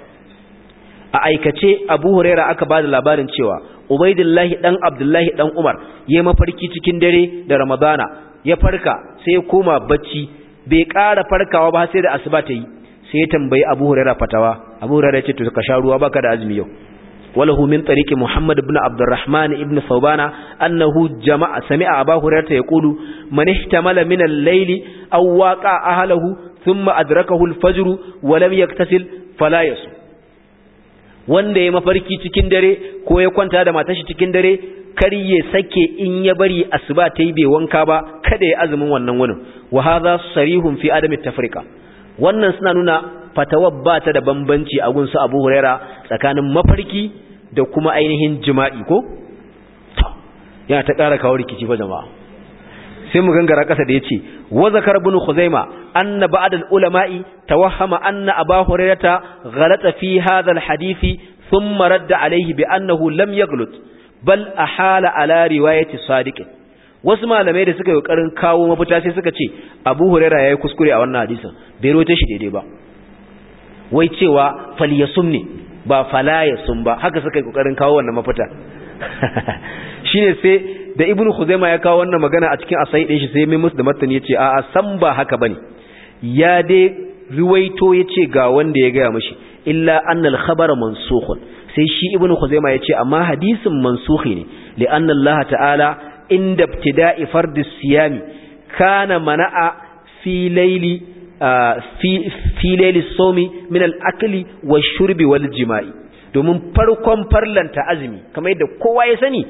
a aikace abu hurayra aka bada labarin cewa ubaidillahi dan abdullahi dan umar ya mafarki cikin dare da ramadana ya farka sai koma bacci bai ƙara farkawa ba sai da asuba ta yi sai ya tambayi abu hurera fatawa abu ya ce to ka sha ruwa baka da azumi yau walahu min tariqi muhammad ibn abdurrahman ibn saubana annahu jama'a sami'a abu hurera ya kulu man ihtamala min al layli aw waqa ahlihi thumma adrakahu al-fajr wa lam yaktasil fala wanda ya mafarki cikin dare ko ya kwanta da matashi cikin dare kar ya sake in ya bari asuba ta yi bai wanka ba kada ya azumin wannan wani wa hadha sarihun fi adami tafrika wannan suna nuna fatawar ba ta da bambanci a gunsu Abu Huraira tsakanin mafarki da kuma ainihin jima'i ko yana ta ƙara kawo rikici ba jama'a sai mu gangara ƙasa da yace wa zakar ibn khuzaima anna ba'd al-ulama'i tawahhama anna aba hurairata ghalata fi hadha al-hadith thumma radda alayhi bi annahu lam yaghlut bal ahala ala riwayati sadiq wasu malamai da suka yi ƙoƙarin kawo mafita sai suka ce abu huraira yayi kuskure a wannan hadisin bai rawaito shi daidai ba wai cewa falyasum ne ba falayasum ba haka suka yi ƙoƙarin kawo wannan mafita shine sai da ibnu khuzaima ya kawo wannan magana a cikin asai din shi sai mai musu da martani yace a a san ba haka bane ya dai ruwaito yace ga wanda ya gaya mishi illa annal khabar mansukh sai shi ibnu khuzaima yace amma hadisin mansukhi ne li anna allah ta'ala inda ibtida'i fardi siyami kana mana'a fi layli fi fi layli sawmi min al-akli wash-shurbi wal-jima'i domin farkon farlanta azumi kamar yadda kowa ya sani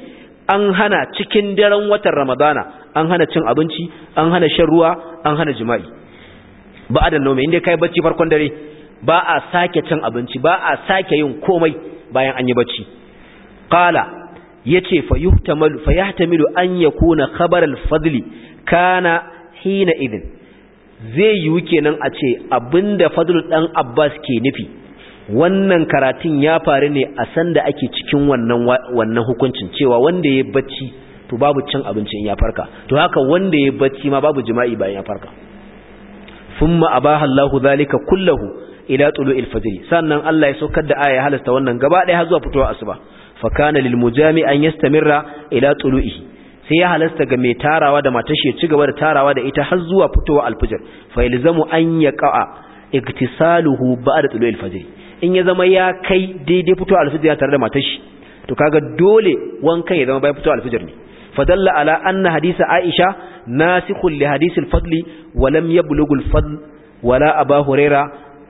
an hana cikin daren watan ramadana an hana cin abinci an hana shan ruwa an hana jima'i ba a da nome inda kai bacci farkon dare ba a sake cin abinci ba a sake yin komai bayan an yi bacci qala yace fa yuhtamalu fa yahtamilu an yakuna khabar al-fadli kana hina idin zai yiwu kenan a ce abinda fadlul dan abbas ke nufi wannan karatun ya faru ne a sanda ake cikin wannan hukuncin cewa wanda ya bacci to babu cin abinci in ya farka to haka wanda ya bacci ma babu jima'i bayan ya farka thumma abaha Allahu zalika kullahu ila tulu'il fajr sannan Allah ya saukar da aya halasta wannan gaba ɗaya har zuwa fitowar asuba fa kana lil mujami an yastamirra ila tulu'ihi sai ya halasta ga mai tarawa da matar shi ya ci gaba da tarawa da ita har zuwa fitowa alfijir fa ilzamu an yaqa iktisaluhu ba'da tulu'il fajr in ya zama ya kai daidai fito alfijir tare da matar shi to kaga dole wankan ya zama bai fito alfijir ne fadalla ala anna hadisa aisha nasikhun li hadisi fadli wa lam yablughul fadl wala aba huraira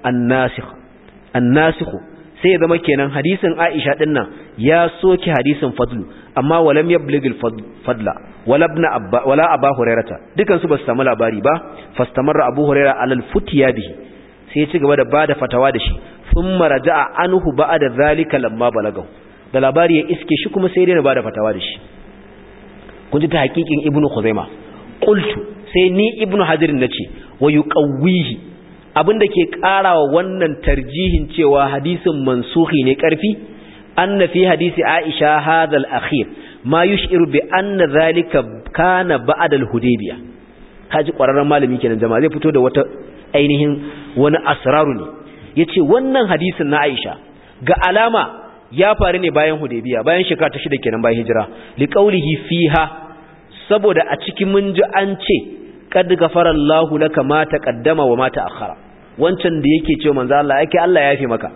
an-nasikh sai ya zama kenan hadisin aisha dinnan ya soke hadisin fadlu amma wa lam yablughul fadla wala ibn abba wala aba hurairata dukan su basu samu labari ba fastamarra abu huraira alal ya bihi sai ya ci gaba da bada fatawa da shi thumma raja'a a ba'da zalika lamma balagau. da labari ya iske shi kuma sai dai ba da fatawa da shi kun ji ta hakikin ibnu khuzaima qultu sai ni ibnu hajar nace wa yuqawwihi abinda ke karawa wannan tarjihin cewa hadisin mansuhi ne karfi anna fi hadisi aisha hadha al-akhir ma yushiru bi anna zalika kana ba'da al-hudaybiyah kaji kwararren malami kenan jama'a zai fito da wata ainihin wani asraru ne Ya ce wannan hadisin na Aisha ga alama ya faru ne bayan hudebiya bayan shekara ta shida kenan bayan hijira liƙaulihi fi fiha saboda a cikin mun ji an ce kad ghafara Allahu laka ma taqaddama wa ma ta'akhkhara wancan da yake ce manzo Allah yake Allah ya yafe maka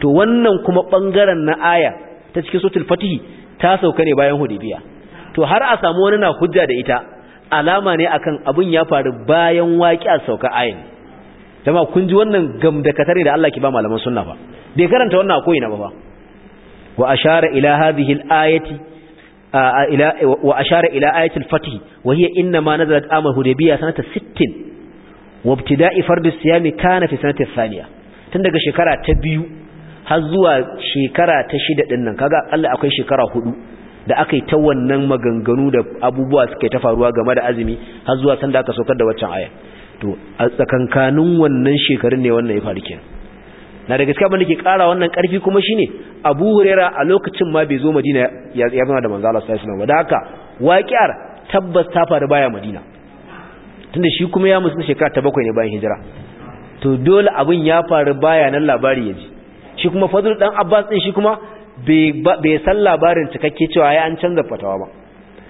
to wannan kuma ɓangaren na aya ta cikin suratul fatihi ta sauka ne bayan hudebiya to har a samu wani na hujja da ita alama ne akan abin ya faru bayan waƙi a sauka ayin jama'a kun ji wannan gam da Allah ke ba malaman sunna ba bai karanta wannan a na ba ba wa ashara ila hadhihi al-ayati wa ashara ila ayati al-fatih wa hiya inna ma nazalat amal hudaybiyah sanata 60 wa ibtida'i fard as-siyam kana fi sanati thaniya tun daga shekara ta biyu har zuwa shekara ta shida din nan kaga Allah akwai shekara hudu da aka yi ta wannan maganganu da abubuwa suke ta faruwa game da azumi har zuwa sanda aka saukar da waccan ayat to a tsakankanin wannan shekarun ne wannan ya faru kenan na da gaskiya bane ke kara wannan karfi kuma shine Abu Huraira a lokacin ma bai zo Madina ya zama da manzo Allah sallallahu alaihi wasallam waƙiyar tabbas ta faru baya Madina tunda shi kuma ya musu shekara ta bakwai ne bayan hijira to dole abin ya faru baya nan labari yaji shi kuma Fadl dan Abbas din shi kuma bai san labarin cikakke cewa ya an canza fatawa ba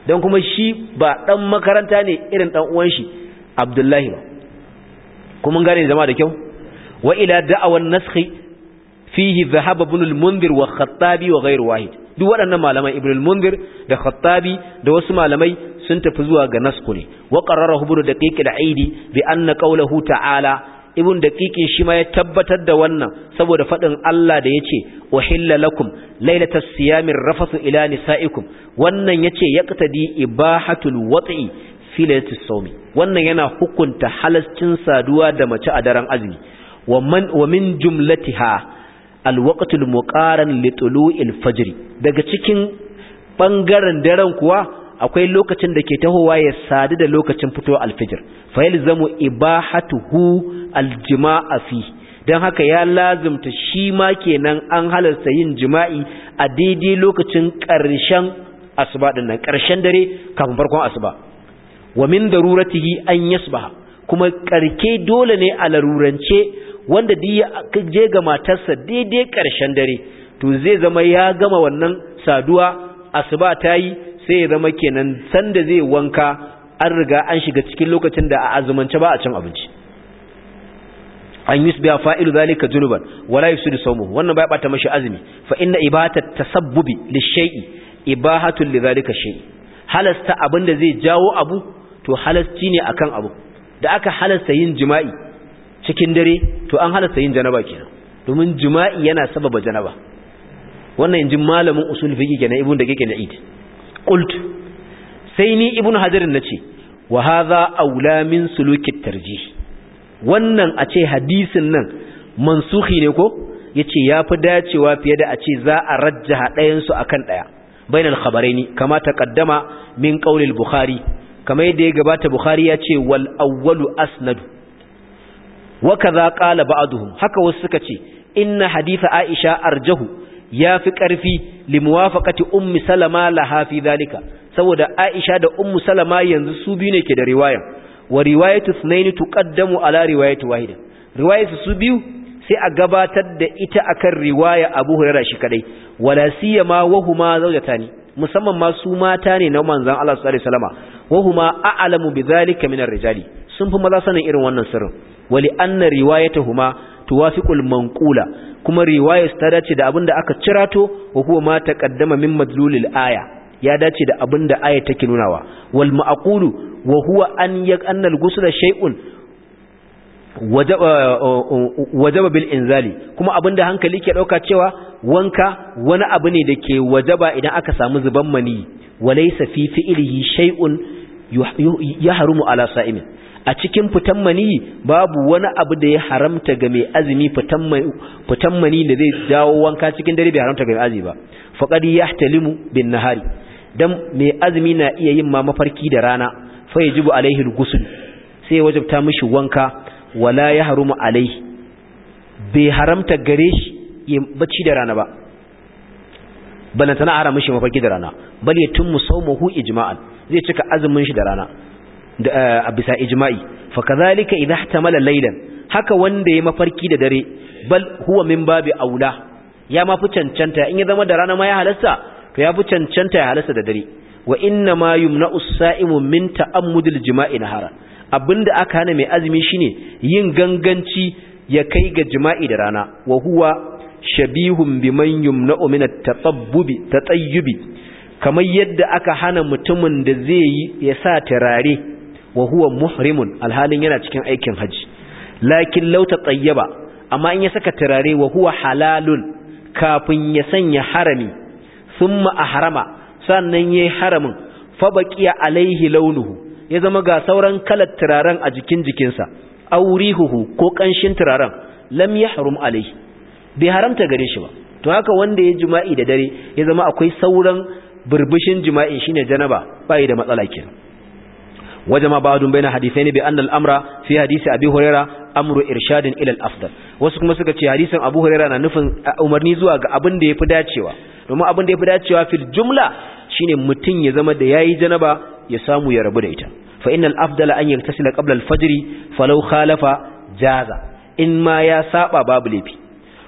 don kuma shi ba dan makaranta ne irin dan uwan shi Abdullahi ba kuma gane zama da kyau wa ila da'awan naskhi fihi dhahaba ibn al-mundhir wa khattabi wa ghayr wahid duk waɗannan malaman ibn al-mundhir da khattabi da wasu malamai sun tafi zuwa ga nasku ne wa qarrarahu ibn daqiq al-aidi bi anna qawluhu ta'ala ibn daqiqin shi ma ya tabbatar da wannan saboda faɗin Allah da yace uhilla lakum laylatas siyamir rafathu ila nisaikum wannan yace yaqtadi ibahatul wat'i fi wannan yana hukunta halascin saduwa da mace a daren azumi wa min jumlatiha alwaqtu almuqaran li tulu'il fajr daga cikin bangaren daren kuwa akwai lokacin da ke tahowa ya sadu da lokacin fito alfijir fa yalzamu ibahatuhu aljima'a fi dan haka ya lazimta shi ma kenan an halarta yin jima'i a daidai lokacin ƙarshen asuba din nan ƙarshen dare kafin farkon asuba wa min daruratihi an yasbaha kuma karke dole ne a larurance wanda duk ya je ga matarsa daidai ƙarshen dare to zai zama ya gama wannan saduwa asuba ta yi sai ya zama kenan sanda zai wanka an riga an shiga cikin lokacin da a azumance ba a cin abinci an biya fa'ilu zalika junuban wala yusidu sawmu wannan bai bata mashi azumi fa inna ibata tasabbubi lishay'i ibahatun lidhalika shai'i halasta abin da zai jawo abu to halasci ne akan abu da aka halasta yin jima'i cikin dare to an halasta yin janaba kenan domin jima'i yana sababa janaba wannan injin malamin usul fiqh kenan ibn da kike na'id qult sai ni ibn hajar nace wa hadha aula min sulukit tarjih wannan a ce hadisin nan mansuhi ne ko yace yafi dacewa fiye da a ce za a rajjaha ɗayansu su akan ɗaya bainal khabaraini kama taqaddama min qaulil bukhari kamar yadda ya gabata bukhari ya ce wal awwalu asnadu wa kaza qala ba'duhum haka wasu suka ce inna haditha aisha arjahu ya fi ƙarfi limuwafaqati ummi salama laha fi zalika saboda aisha da ummu salama yanzu su biyu ne ke da riwaya wa riwayatu thnaini tuqaddamu ala riwayati wahida riwayatu su biyu sai a gabatar da ita akan riwaya Abu Hurairah shi kadai wala siyama wa zawjatani musamman ma su mata ne na manzon Allah sallallahu alaihi wasallama wahuma a'lamu bidhalika min ar-rijali sun fi maza sanin irin wannan sirrin wali anna riwayatuhuma tuwafiqul manqula kuma riwayar ta dace da abinda aka cirato wa huwa ma taqaddama min madlulil aya ya dace da abinda aya take nunawa wal ma'qulu wa huwa an yakanna al-ghusla shay'un wajaba bil inzali kuma abin da hankali ke ɗauka cewa wanka wani abu ne da ke wajaba idan aka samu zuban mani walaysa fi fi'lihi shay'un ya harumu ala sa'imin a cikin fitan mani babu wani abu da ya haramta ga mai azumi fitan mani da zai dawo wanka cikin dare bai haramta ga mai azumi ba faqad yahtalimu bin nahari dan mai azumi na iya yin ma mafarki da rana fa yajibu alaihi al sai ya wajabta mishi wanka wala ya harumu alaihi bai haramta gare shi ya bacci da rana ba balantana ara mishi mafarki da rana bal yatummu sawmuhu ijma'an zai cika azumin shi da rana eh, a bisa ijma'i fa kadhalika idha ihtamala laylan haka wanda ya mafarki da dare bal huwa min babi aula ya ma fi cancanta in ya zama da rana ma ya halasta to ya fi cancanta ya halasta da dare wa inna ma yumna'u sa'imu min ta'ammudil jima'i nahara abinda aka hana mai azumi shine yin ganganci ya kai ga jima'i da rana wa huwa shabihun biman yumna'u min at-tatabbubi tatayyubi kamar yadda aka hana mutumin da zai yi ya sa turare wa huwa muhrimun alhalin yana cikin aikin haji lakin lauta tsayyaba amma in ya saka turare wa huwa halalun kafin ya sanya harami thumma ahrama sannan yayi haramin fa baqiya alaihi launuhu ya zama ga sauran kalar turaren a jikin jikinsa aurihuhu ko kanshin turaren lam yahrum alaihi bai haramta gare shi ba to haka wanda ya jima'i da dare ya zama akwai sauran burbushin jima'i shine janaba bai da matsala kenan wajama ba'dun baina hadithaini bi anna al-amra fi hadisi abi huraira amru irshadin ila al-afdal wasu kuma suka ce hadisin abu huraira na nufin umarni zuwa ga abin da yafi dacewa domin abin da yafi dacewa fil jumla shine mutun ya zama da yayi janaba ya samu ya rabu da ita fa innal afdala an yaktasila qabla al-fajr falau khalafa jaza in ma ya saba babu lafi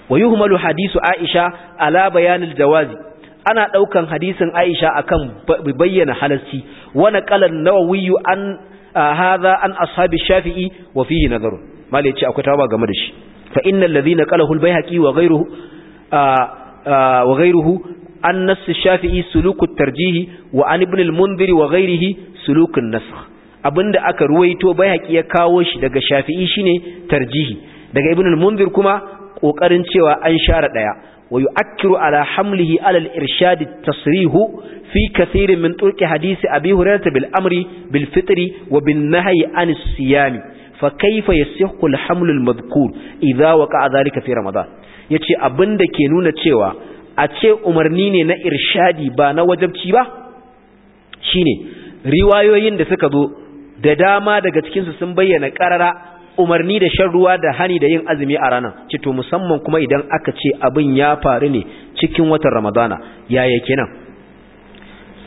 wa yuhmalu hadisu aisha ala bayanin jawazi ana ɗaukan hadisin Aisha akan bayyana halarci Wani naqala an-Nawawi an hadha an ashabi Shafi'i wa fihi nazaru. mali ce akwai tawa game da shi fa innal ladhina qalahu al wa ghayruhu wa ghayruhu an nass Shafi'i suluku tarjihi wa an ibn wa ghayrihi suluku an-nasakh abinda aka ruwaito Baihaqi ya kawo shi daga Shafi'i shine tarjihi daga ibn kuma kokarin cewa an share daya ويؤكر على حمله على الإرشاد التصريح في كثير من طرق حديث أبي هريرة بالأمر بالفطر وبالنهي عن الصيام فكيف يسيق الحمل المذكور إذا وقع ذلك في رمضان yace abin da ke nuna cewa a ce umarni ne na irshadi ba na wajabci ba shine riwayoyin da suka zo da dama daga cikinsu sun bayyana karara umarni da shan ruwa da hani da yin azumi a ranar cito musamman kuma idan aka ce abin ya faru ne cikin watan ramadana ya yaya kenan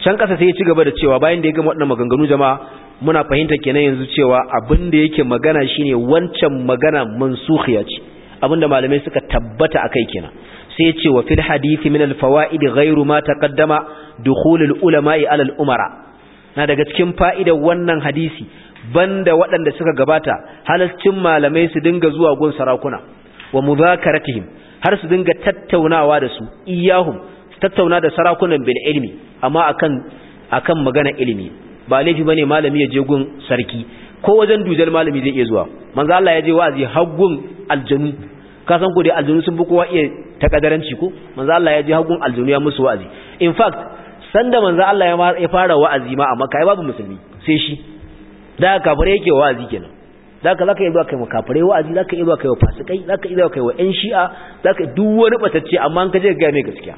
can kasa sai ya ci gaba da cewa bayan da ya gama waɗannan maganganu jama'a muna fahimta kenan yanzu cewa abin da yake magana shine wancan magana mansukhiya ce da malamai suka tabbata a kai kenan sai ya ce wa fil hadisi min al fawaid ghairu ma taqaddama dukhul al ulama'i ala al umara na daga cikin fa'idar wannan hadisi banda waɗanda suka gabata halascin malamai su dinga zuwa gun sarakuna wa muzakaratihim har su dinga tattaunawa da su iyahum tattauna da sarakunan bil ilmi amma akan akan magana ilimi ba laifi bane malami ya je gun sarki ko wajen dujal malami zai iya zuwa manzo Allah ya je wa'azi haggun aljanu ka san ko dai aljanu sun bi kowa iya takadaranci ko manzo Allah ya je haggun aljanu ya musu wa'azi in fact sanda manzo Allah ya fara wa'azi ma a Makka babu musulmi sai shi da kafare yake wa'azi kenan ka zaka iya zuwa kai wa wa'azi zaka iya zuwa kai wa fasikai zaka iya zuwa kai wa ƴan shi'a zaka duk wani batacce amma an je ga mai gaskiya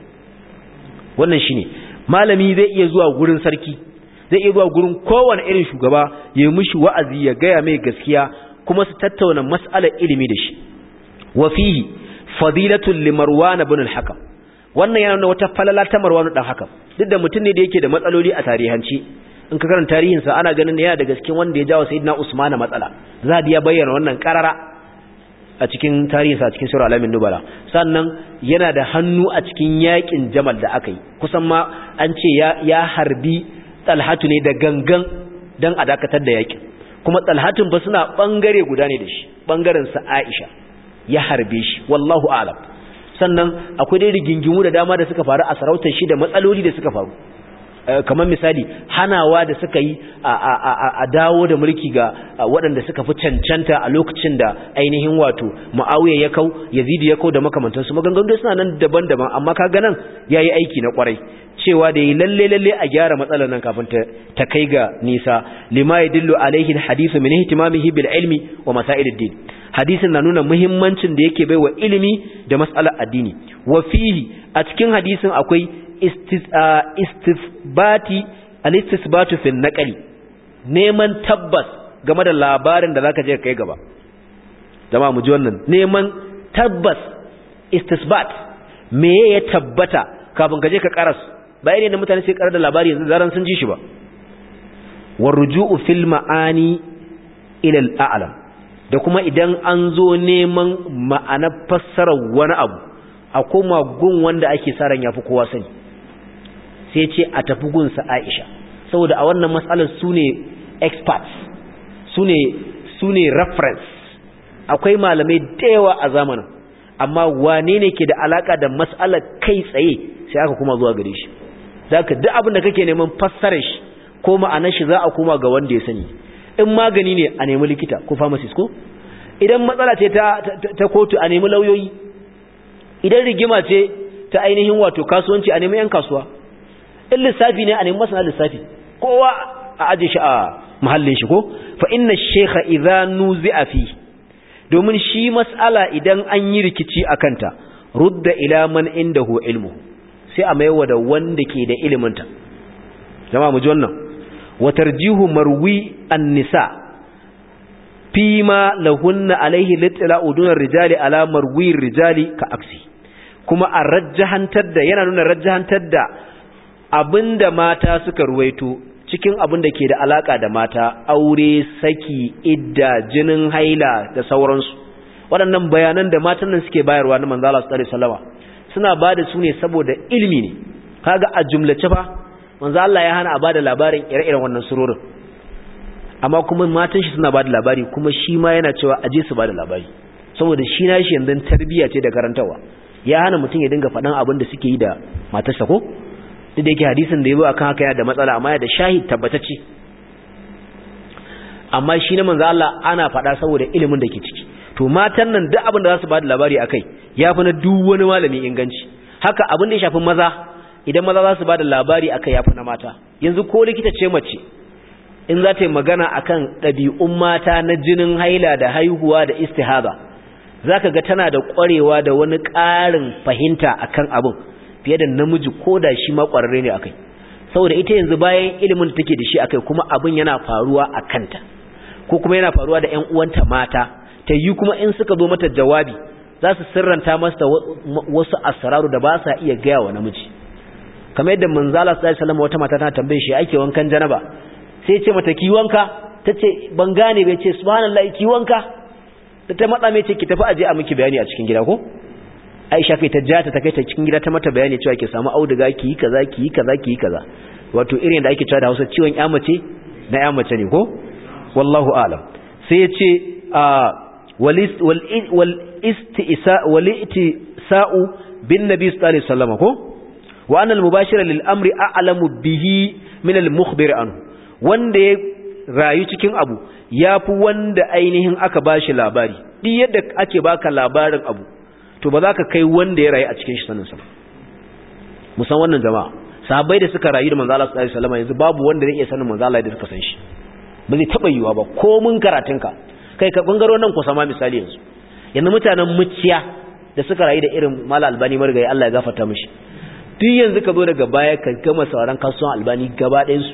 wannan shine malami zai iya zuwa gurin sarki zai iya zuwa gurin kowane irin shugaba ya yi mishi wa'azi ya gaya mai gaskiya kuma su tattauna mas'alar ilimi da shi wa fihi fadilatul limarwan ibn al-hakam wannan yana nuna wata falala ta marwanu dan hakam duk da mutum ne da yake da matsaloli a tarihanci in ka karanta tarihinsa ana ganin yana da gaskin wanda ya jawo sayyidina Usman matsala zadi ya bayyana wannan karara a cikin tarihinsa a cikin al-amin nubala sannan yana da hannu a cikin yakin jamal da aka yi kusan ma an ce ya harbi talhatu ne da gangan dan a dakatar da yakin kuma talhatun ba suna bangare guda ne da shi bangaren sa aisha ya harbe shi wallahu alam sannan akwai dai rigingimu da dama da suka faru a sarautar shi da matsaloli da suka faru Eh, kamar misali hanawa da suka yi a dawo da mulki ga waɗanda suka fi cancanta a lokacin da ainihin wato muawiya ya kau yazidi ya kau da makamantansu maganganu suna nan daban-daban amma ka ganan, ya yi aiki na kwarai cewa da yi lalle lalle a gyara matsalar nan kafin ta kai ga nisa lima yadullu alaihi alhadithu min ihtimamihi bil ilmi wa masailid din hadisin na nuna muhimmancin da yake bai wa ilimi da matsalar addini wa fihi a cikin hadisin akwai istisbati al-istisbatu fil naqli neman tabbas game da labarin da zaka je kai gaba jama'a mu ji wannan neman tabbas istisbat me ya tabbata kafin ka je ka karas ba irin da mutane sai karar da labari yanzu zaran sun ji shi ba ruju'u fil ma'ani ila al-a'lam da kuma idan an zo neman ma'anar fassarar wani abu a koma gun wanda ake sa ran yafi kowa sani sai ce a tafi gunsa Aisha saboda a wannan matsalar su ne experts su ne su ne reference akwai malamai da yawa a zamanin amma wane ne ke da alaka da matsalar kai tsaye sai aka kuma zuwa gare shi zaka duk abin da kake neman fassarar shi ko ma'anar shi za a koma ga wanda ya sani in magani ne a nemi likita ko pharmacist ko idan matsala ce ta, ta kotu a nemi lauyoyi idan rigima ce ta ainihin wato kasuwanci a nemi 'yan kasuwa in lissafi ne a nemi masana lissafi kowa a aje shi a mahallin shi ko fa inna shaykha idza a fi domin shi mas'ala idan an yi rikici a kanta, rudda ila man hu ilmu sai a maiwa da wanda ke da ilimin ta jama'a mu ji wannan wa tarjihu marwi an-nisa fima lahunna alaihi litla'u dun rijali ala marwi rijali ka aksi kuma a rajjahantar da yana nuna rajjahantar da abinda mata suka ruwaito cikin abin da ke da alaka da mata aure saki idda jinin haila da sauransu waɗannan bayanan da matan nan suke bayarwa na manzo Allah sallallahu alaihi suna bada su ne saboda ilimi ne kaga a jumlace fa manzo Allah ya hana a bada labarin ire-iren wannan surorin amma kuma matan shi suna bada labari kuma shi ma yana cewa a je su bada labari saboda shi na shi yanzu tarbiyya ce da karantawa ya hana mutum ya dinga faɗan abin da suke yi da matarsa ko duk da yake hadisin da ya akan haka yana da matsala amma yana da shahid tabbatacce amma shi na manzo Allah ana faɗa saboda ilimin da ke ciki to matan nan duk abin da za su ba labari akai ya fi na duk wani malami inganci haka abin da ya shafi maza idan maza za su ba da labari akai ya fi na mata yanzu ko likita ce mace in za ta yi magana akan ɗabi'un mata na jinin haila da haihuwa da istihaba za ka ga tana da ƙwarewa da wani ƙarin fahimta akan abin fiye da namiji ko da shi ma kwararre ne akai saboda ita yanzu bayan ilimin take da shi akai kuma abin yana faruwa a kanta ko kuma yana faruwa da ƴan uwanta mata ta yi kuma in suka zo mata jawabi za su sirranta masa wasu asraru da ba sa iya gaya wa namiji kamar yadda manzala sallallahu alaihi wasallam wata mata ta tambaye shi ake wankan janaba sai ya ce mata ki wanka tace ban gane bai ce subhanallahi ki wanka ta ta matsa mai ce ki tafi aje a miki bayani a cikin gida ko aisha kai ta jata ta kai ta cikin gida ta mata bayani cewa ki samu auduga ki yi kaza ki yi kaza ki yi kaza wato irin da ake cewa da Hausa ciwon ya mace na ya ne ko wallahu alam sai ce a walis wal istisa wal itisa'u bin nabi sallallahu alaihi wasallam ko wa anna al mubashira lil amri a'lamu bihi min al mukhbir wanda ya rayu cikin abu yafi wanda ainihin aka bashi labari duk yadda ake baka labarin abu to ba za ka kai wanda ya rayu a cikin shi sanin sa musan wannan jama'a sahabbai da suka rayu da manzo Allah sallallahu alaihi wasallam yanzu babu wanda zai iya sanin manzo Allah da suka san shi ba zai taba yiwa ba ko mun karatun ka kai ka bangaro nan ku ma misali yanzu yanzu mutanen muciya da suka rayu da irin mala albani marigayi Allah ya gafarta mishi duk yanzu ka zo daga baya ka gama sauran kasuwan albani gaba ɗayansu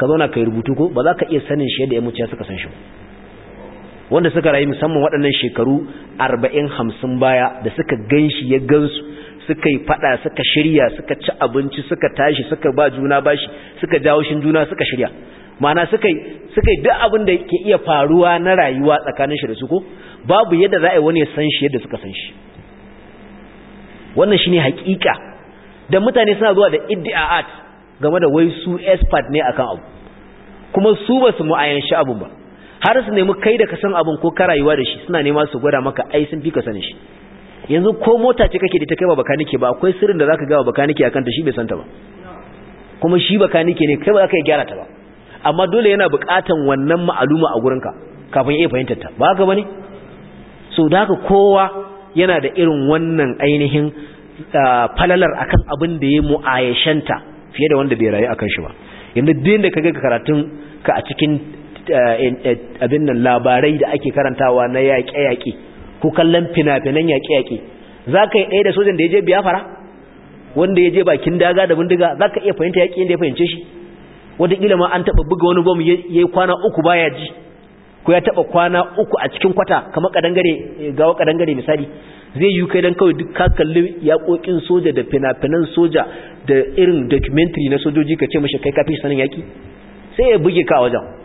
ka zauna ka yi rubutu ko ba za ka iya sanin shi yadda ya muciya suka san shi ba wanda suka rayu musamman waɗannan shekaru arba'in hamsin baya da suka ganshi ya gansu suka yi fada suka shirya suka ci abinci suka tashi suka ba juna bashi suka jawo shin juna suka shirya mana suka yi suka yi duk abin da ke iya faruwa na rayuwa tsakanin shi da su ko babu yadda za a yi wani ya san shi yadda suka san shi wannan shine hakika da mutane suna zuwa da iddia'at game da wai su expert ne akan abu kuma su ba su mu'ayyan shi abun ba har su nemi kai da ka san abin ko ka rayuwa da shi suna nema su gwada maka ai sun fi ka sanin shi yanzu ko mota ce kake da ta kai ba bakanike ba akwai sirrin da zaka ga ba bakanike akan ta shi bai santa ba kuma shi bakanike ne kai ba zaka gyara ta ba amma dole yana buƙatan wannan ma'aluma a gurinka kafin ya fahimtar ta ba ka bane so da haka kowa yana da irin wannan ainihin falalar akan abin da ya mu'ayashanta fiye da wanda bai rayu akan shi ba yanzu duk da kaga karatun ka a cikin Eh, eh, abin nan labarai da ake karantawa na yaƙe-yaƙe ko kallon fina-finan yaƙe-yaƙe za ka yi ɗaya da sojan da ya je biyafara wanda ya je bakin daga da bindiga za ka iya fahimta yaƙi inda ya fahimce shi wataƙila ma an taɓa buga wani bom ya yi kwana uku baya ji ko ya taɓa kwana uku a cikin kwata kamar ƙadangare, eh, gawa ƙadangare misali zai yi kai don kawai duk ka kalli yaƙoƙin soja da fina-finan soja da irin documentary na sojoji ka ce mashi kai kafin sanin yaƙi sai ya buge ka wajen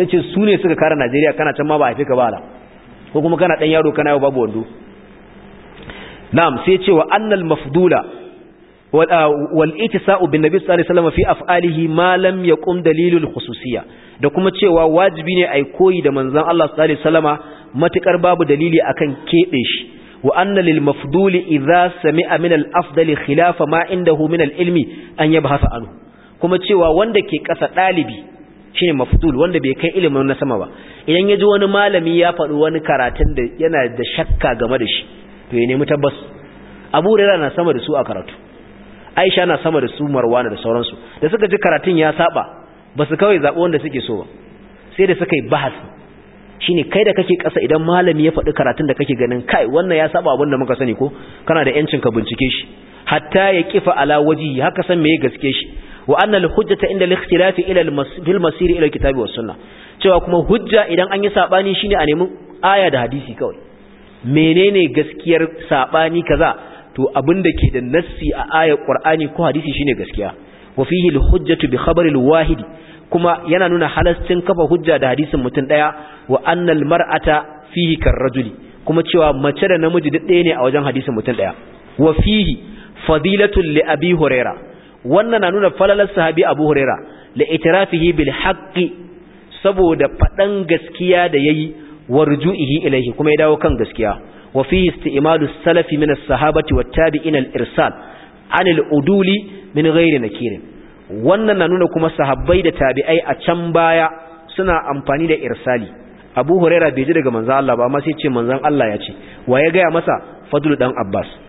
sai ce su ne suka kare Najeriya kana can ma ba haife ka ba ko kuma kana dan yaro kana yau babu wando na'am sai ce wa annal mafdula ah, wal itisa'u bin nabi sallallahu alaihi wasallam fi af'alihi ma lam yaqum dalilul khususiyya da kuma cewa wajibi ne ai koyi da manzon Allah sallallahu alaihi wasallama matukar babu dalili akan kebe shi wa anna lil mafduli idza sami'a min al afdali khilafa ma indahu min al ilmi an yabhasa anhu kuma cewa wanda ke kasa dalibi shine mafdul wanda bai kai ilimin na sama ba idan ya ji wani malami ya faɗi wani karatun da yana da shakka game da shi to ya nemi tabbas abu rera na sama da su a karatu aisha na sama da su marwana da sauransu da suka ji karatun ya saba ba su kawai zaɓi wanda suke so ba sai da suka yi bahasi shine kai da kake ƙasa idan malami ya faɗi karatun da kake ganin kai wannan ya saba abin da muka sani ko kana da yancin ka bincike shi hatta ya kifa ala waji haka san me ya gaske shi wa anna hujjata inda al-ikhtilaf ila al-masir ila wa sunnah cewa kuma hujja idan an yi sabani shine a nemi aya da hadisi kawai menene gaskiyar sabani kaza to abinda ke da nassi a ayar qur'ani ko hadisi shine gaskiya wa fihi al-hujjatu bi khabar al-wahid kuma yana nuna halastin kafa hujja da hadisin mutum daya wa anna al-mar'ata fihi rajuli kuma cewa mace da namiji duk ɗaya ne a wajen hadisin mutum daya wa fihi fadilatul li abi hurairah wannan na nuna falalar sahabi abu huraira la itirafihi bil haqqi saboda fadan gaskiya da yayi warju'ihi ilaihi kuma ya dawo kan gaskiya wa fi isti'malu salafi min as-sahabati wat tabi'in al-irsal an al-uduli min ghairi nakir wannan na nuna kuma sahabbai da tabi'ai a can baya suna amfani da irsali abu huraira bai ji daga manzon Allah ba amma sai ce manzon Allah ya ce wa ya ga masa fadlu dan abbas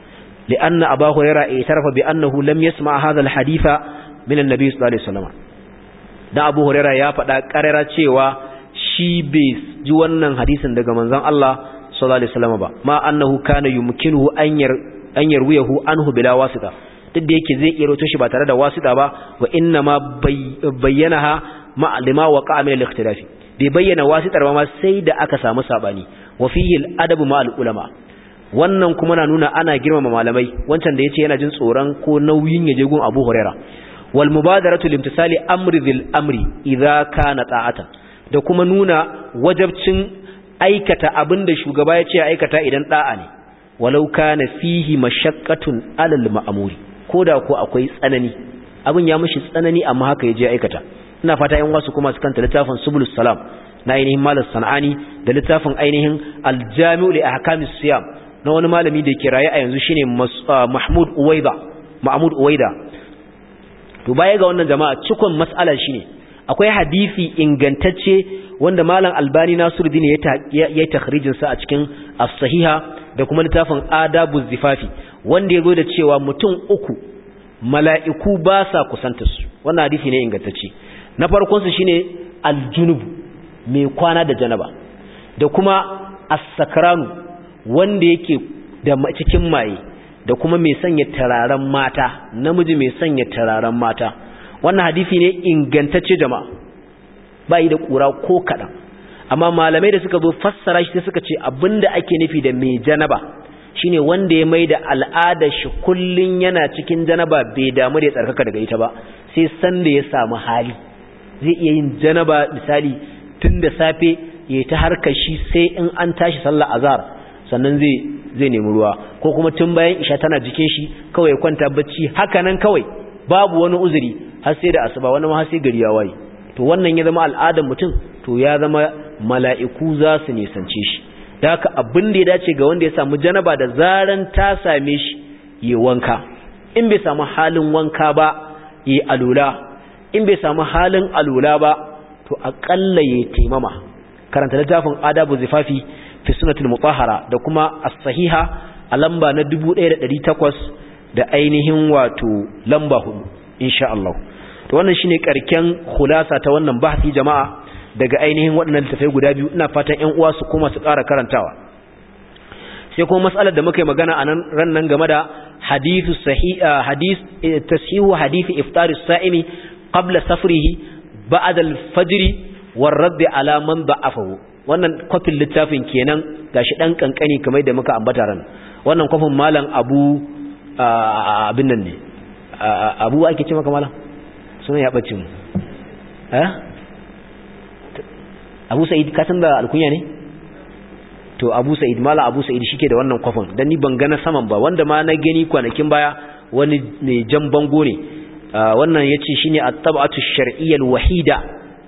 لأن أبا هريرة اعترف بأنه لم يسمع هذا الحديث من النبي صلى الله عليه وسلم da Abu Hurairah ya faɗa ƙarara cewa shi bai ji wannan hadisin daga manzon Allah sallallahu alaihi wasallam ba ma annahu kana yumkinuhu an yar an yarwiyahu anhu bila wasita duk da yake zai iya shi ba tare da wasita ba wa inna ma bayyanaha ma lima waqa min al-ikhtilafi bai bayyana wasitar ba ma sai da aka samu sabani wa fihi al-adabu ma al-ulama wannan kuma na nuna ana girmama malamai wancan da yace yana jin tsoron ko nauyin yaje gun Abu Huraira wal mubadaratu limtisali amri bil amri idza kana ta'atan da kuma nuna wajabcin aikata abinda shugaba yace aikata idan da'a ne walau kana fihi mashaqqatun alal ma'muri koda ko akwai tsanani abin ya mishi tsanani amma haka yaje aikata ina fata yan wasu kuma su kanta littafin subulus salam na ainihin malas sanani da littafin ainihin aljami'u li ahkamis siyam na wani malami da ke raye a yanzu shine ah, Mahmud Mahmud Uwaida to baya ga wannan jama'a cikon mas'alar shine akwai hadisi ingantacce wanda malam Albani Nasiruddin ya ya yi sa a cikin as-sahiha da kuma littafin Adabu Zifafi wanda zo da cewa mutum uku mala'iku ba sa kusanta su wannan hadithi ne ingantacce na farkon shi shine Aljunubu mai kwana da janaba da kuma as-sakranu wanda yake da cikin maye da kuma mai sanya tararen mata namiji mai sanya tararen mata wannan hadisi ne ingantacce jama'a Ba yi da kura ko kaɗan. amma malamai da suka zo fassara shi suka ce abinda ake nufi da mai janaba shine wanda ya da al'ada shi kullun yana cikin janaba bai damu da ya tsarkaka daga ita ba sai san da ya samu hali zai iya yin janaba misali tun da safe ya ta harkar shi sai in an tashi sallar azhar sannan zai zai nemi ruwa ko kuma tun bayan isha tana jikin shi kawai kwanta bacci haka nan kawai babu wani uzuri har sai da asuba wani ma har sai gari ya waye to wannan ya zama al'adar mutum to ya zama mala'iku za su nisance shi da haka abin da ya dace ga wanda ya samu janaba da zaran ta same shi yi wanka in bai samu halin wanka ba yi alula in bai samu halin alula ba to aƙalla ya taimama karanta littafin adabu zifafi fi sunatul mutahhara da kuma as-sahiha a lamba na 1800 da ainihin wato lamba hudu insha Allah to wannan shine karken khulasa ta wannan bahsi jama'a daga ainihin waɗannan littafai guda biyu ina fatan ƴan uwa su koma su ƙara karantawa sai kuma matsalar da muka yi magana a nan ran nan game da hadithu sahiha ah, hadith eh, tashihu hadithi sa'imi qabla safrihi ba'da al-fajr war radd ala man da'afahu wannan kwafin littafin kenan gashi dan kankani kamar da muka ambata ran wannan kwafin malam abu abin nan ne abu ake ce maka malam sunan ya bace mu eh abu sa'id ka san da alkunya ne to abu sa'id malam abu sa'id shike da wannan kwafin dan ni ban gana saman ba wanda ma na gani kwanakin baya wani ne jan bango ne wannan yace shine at-tab'atu ash-shar'iyya al-wahida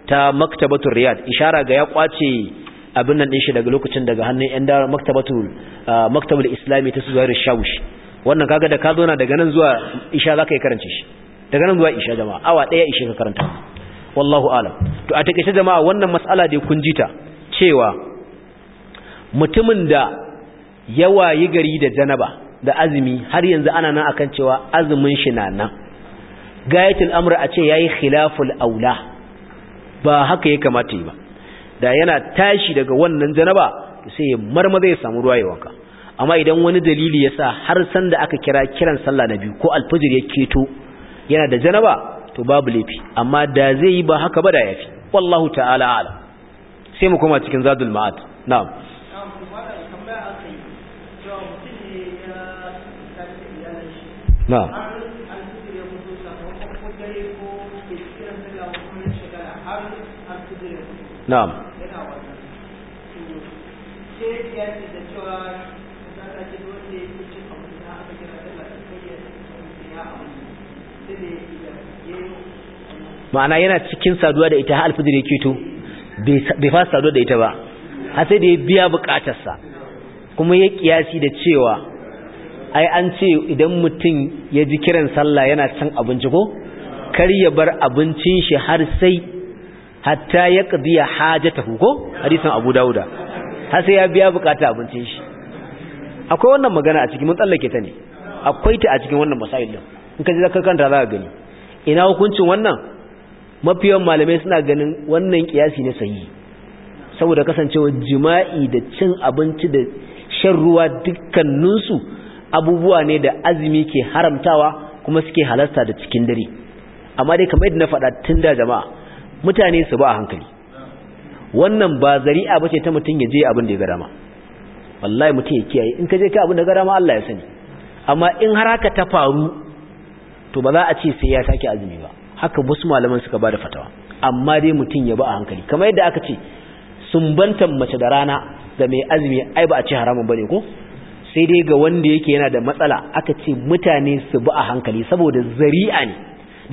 ta maktabatu riyad ishara ga ya kwace abin nan din shi daga lokacin daga hannun yan dara maktabatul ah, maktabul islami ta zuwa shawush wannan kaga da ka zo na daga nan zuwa isha zaka yi karance shi daga nan zuwa isha jama'a awa daya isha ka karanta wallahu alam to a takeice jama'a wannan mas'ala da kun jita cewa mutumin da ya wayi gari da janaba da azumi har yanzu ana nan akan cewa azumin shi na nan gayatul amr a ce yayi khilaful aula ba haka ya kamata yi ba da yana tashi daga wannan janaba sai ya marma ya samu ruwa ya wanka amma idan wani dalili ya sa har san da aka kira kiran sallah na biyu ko alfajir ya keto yana da janaba to babu laifi amma da zai yi ba haka ba da yafi wallahu ta'ala ala sai mu koma cikin zadul ma'ad na'am na'am na'am ma'ana yana cikin saduwa da ita har alfijir keto to bai fasa saduwa da ita ba har sai da ya biya bukatarsa kuma ya kiyasi da cewa ai an ce idan mutum ya ji kiran sallah yana can abinci ko kar ya bar abincin shi har sai hatta ya kabiya hajjata ko hadisin Abu dauda har sai ya biya bukata abincin shi akwai wannan magana a cikin mun ta ne akwai ta a cikin wannan masail din in ka ji zaka kanta za ka gani ina hukuncin wannan mafiyan malamai suna ganin wannan kiyasi ne sahihi saboda kasancewa jima'i da cin abinci da shan ruwa dukkaninsu abubuwa ne da azumi ke haramtawa kuma suke halasta da cikin dare amma dai kamar yadda na faɗa tun da jama'a mutane su ba a hankali wannan ba zari'a bace ta mutum ya je abin da ya ga dama wallahi mutum ya kiyaye in ka je ka abin da ga Allah ya sani amma in har haka ta faru to ba za a ce sai ya sake azumi ba haka wasu malaman suka bada fatawa amma dai mutum ya ba a hankali kamar yadda aka ce sumbantan mace da rana da mai azumi ai ba a ce haramun bane ko sai dai ga wanda yake yana da matsala aka ce mutane su bi a hankali saboda zari'a ne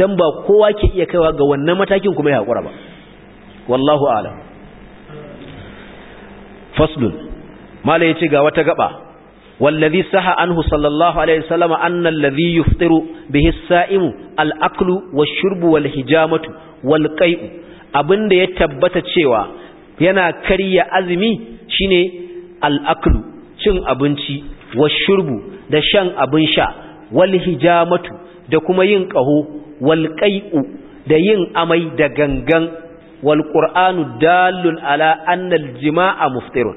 dan ba kowa ke iya kaiwa ga wannan matakin kuma ya hakura ba wallahu a'lam faslun mala yace ga wata gaba wallazi saha anhu sallallahu alaihi wasallam anna allazi yuftiru bihi as-sa'imu al-aklu wash-shurbu wal-hijamatu wal-qai'u abinda ya tabbata cewa yana kariya azumi shine al-aklu cin abinci wash-shurbu da shan abin sha wal-hijamatu da kuma yin qaho wal-qai'u da yin amai da gangan Walƙur'anu qur'anu dallun ala anna jima'a muftirun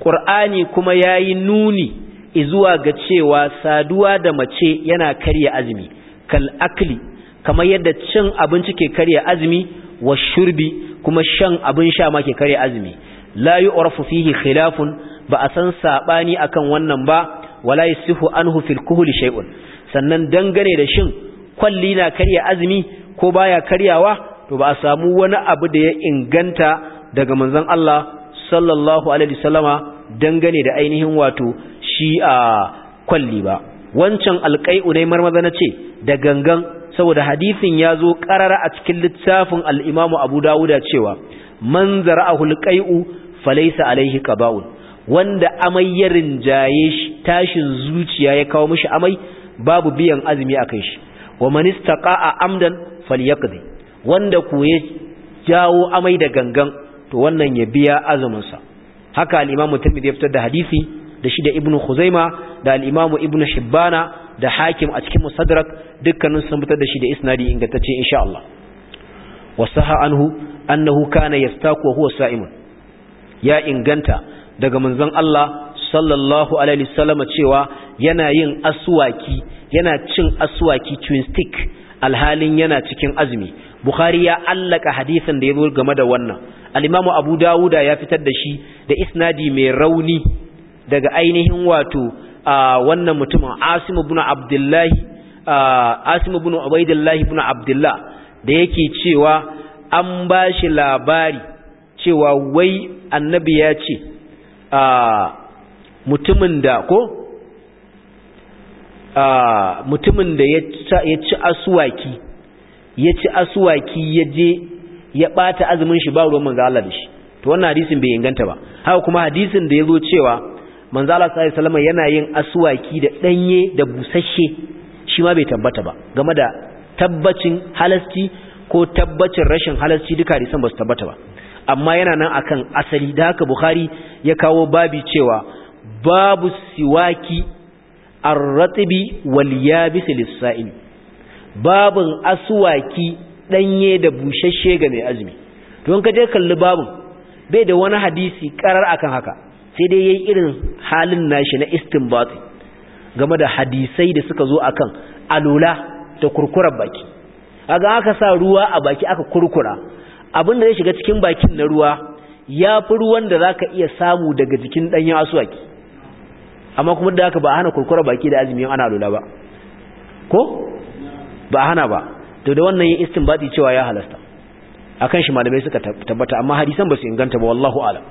qur'ani kuma ya yi nuni izuwa ga cewa saduwa da mace yana karya azumi kal akli kamar yadda cin abinci ke karya azumi wa shurbi kuma shan abin sha ma ke karya azumi la yu'rafu fihi khilafun ba a san sabani akan wannan ba wala yasihu anhu fil kuhli shay'un sannan dangane da shin kwalli na karya azumi ko baya karyawa to ba a samu wani abu da ya inganta daga manzon Allah sallallahu alaihi wasallama dangane da ainihin wato shi a kwalli ba wancan alƙai'u ne marmaza na ce da gangan saboda hadisin ya zo ƙarara a cikin littafin al'imamu abu dawuda cewa man a hulƙai'u falaisa alaihi qaba'un wanda amai jaye shi tashin zuciya ya kawo mishi amai babu biyan azumi a kai shi wa man a amdan falyaqdi wanda ku ya jawo amai da gangan to wannan ya biya azuminsa haka al-imamu tirmidhi ya fitar da hadisi da shi da ibnu khuzaima da al-imamu ibnu Shibana da hakim a cikin musadrak dukkanin sun fitar da shi da isnadi ingantacce insha Allah wasaha anhu annahu kana yastaku huwa sa'imun ya inganta daga manzon Allah sallallahu alaihi wasallam cewa yana yin aswaki yana cin aswaki twin stick alhalin yana cikin azumi bukhari ya allaka hadisin da ya zo game da wannan al abu dawuda ya fitar da shi da isnadi mai rauni daga ainihin wato wannan mutumin asim ibn abdullahi asim ibn ubaidillah ibn abdullah da yake cewa an ba shi labari cewa wai annabi ya ce mutumin da ko mutumin da ya ci aswaki ya ci asuwaki ya je ya bata azumin shi ba ruwan manzo Allah da shi to wannan hadisin bai inganta ba haka kuma hadisin da ya zo cewa manzo Allah Salama yana yin asuwaki da danye da busasshe shi ma bai tabbata ba game da tabbacin halasci ko tabbacin rashin halasci duka hadisan ba su tabbata ba amma yana nan akan asali da haka Bukhari ya kawo babi cewa babu siwaki ar-ratibi wal yabis lis-sa'il babin asuwaki danye da bushashe ga mai azumi don ka je kalli babin bai da wani hadisi karar akan haka sai dai yayi irin halin nashi na istinbat game da hadisai da suka zo akan alula da kurkurar baki aga aka sa ruwa a baki aka kurkura abin da zai shiga cikin bakin na ruwa ya fi ruwan da zaka iya samu daga jikin danye asuwaki, amma kuma da haka ba hana kurkura baki da azumi ana alula ba ko ba a hana ba to da wannan yin istinbadi cewa ya halasta akan shi malamai suka tabbata amma hadisan ba su inganta ba wallahu alam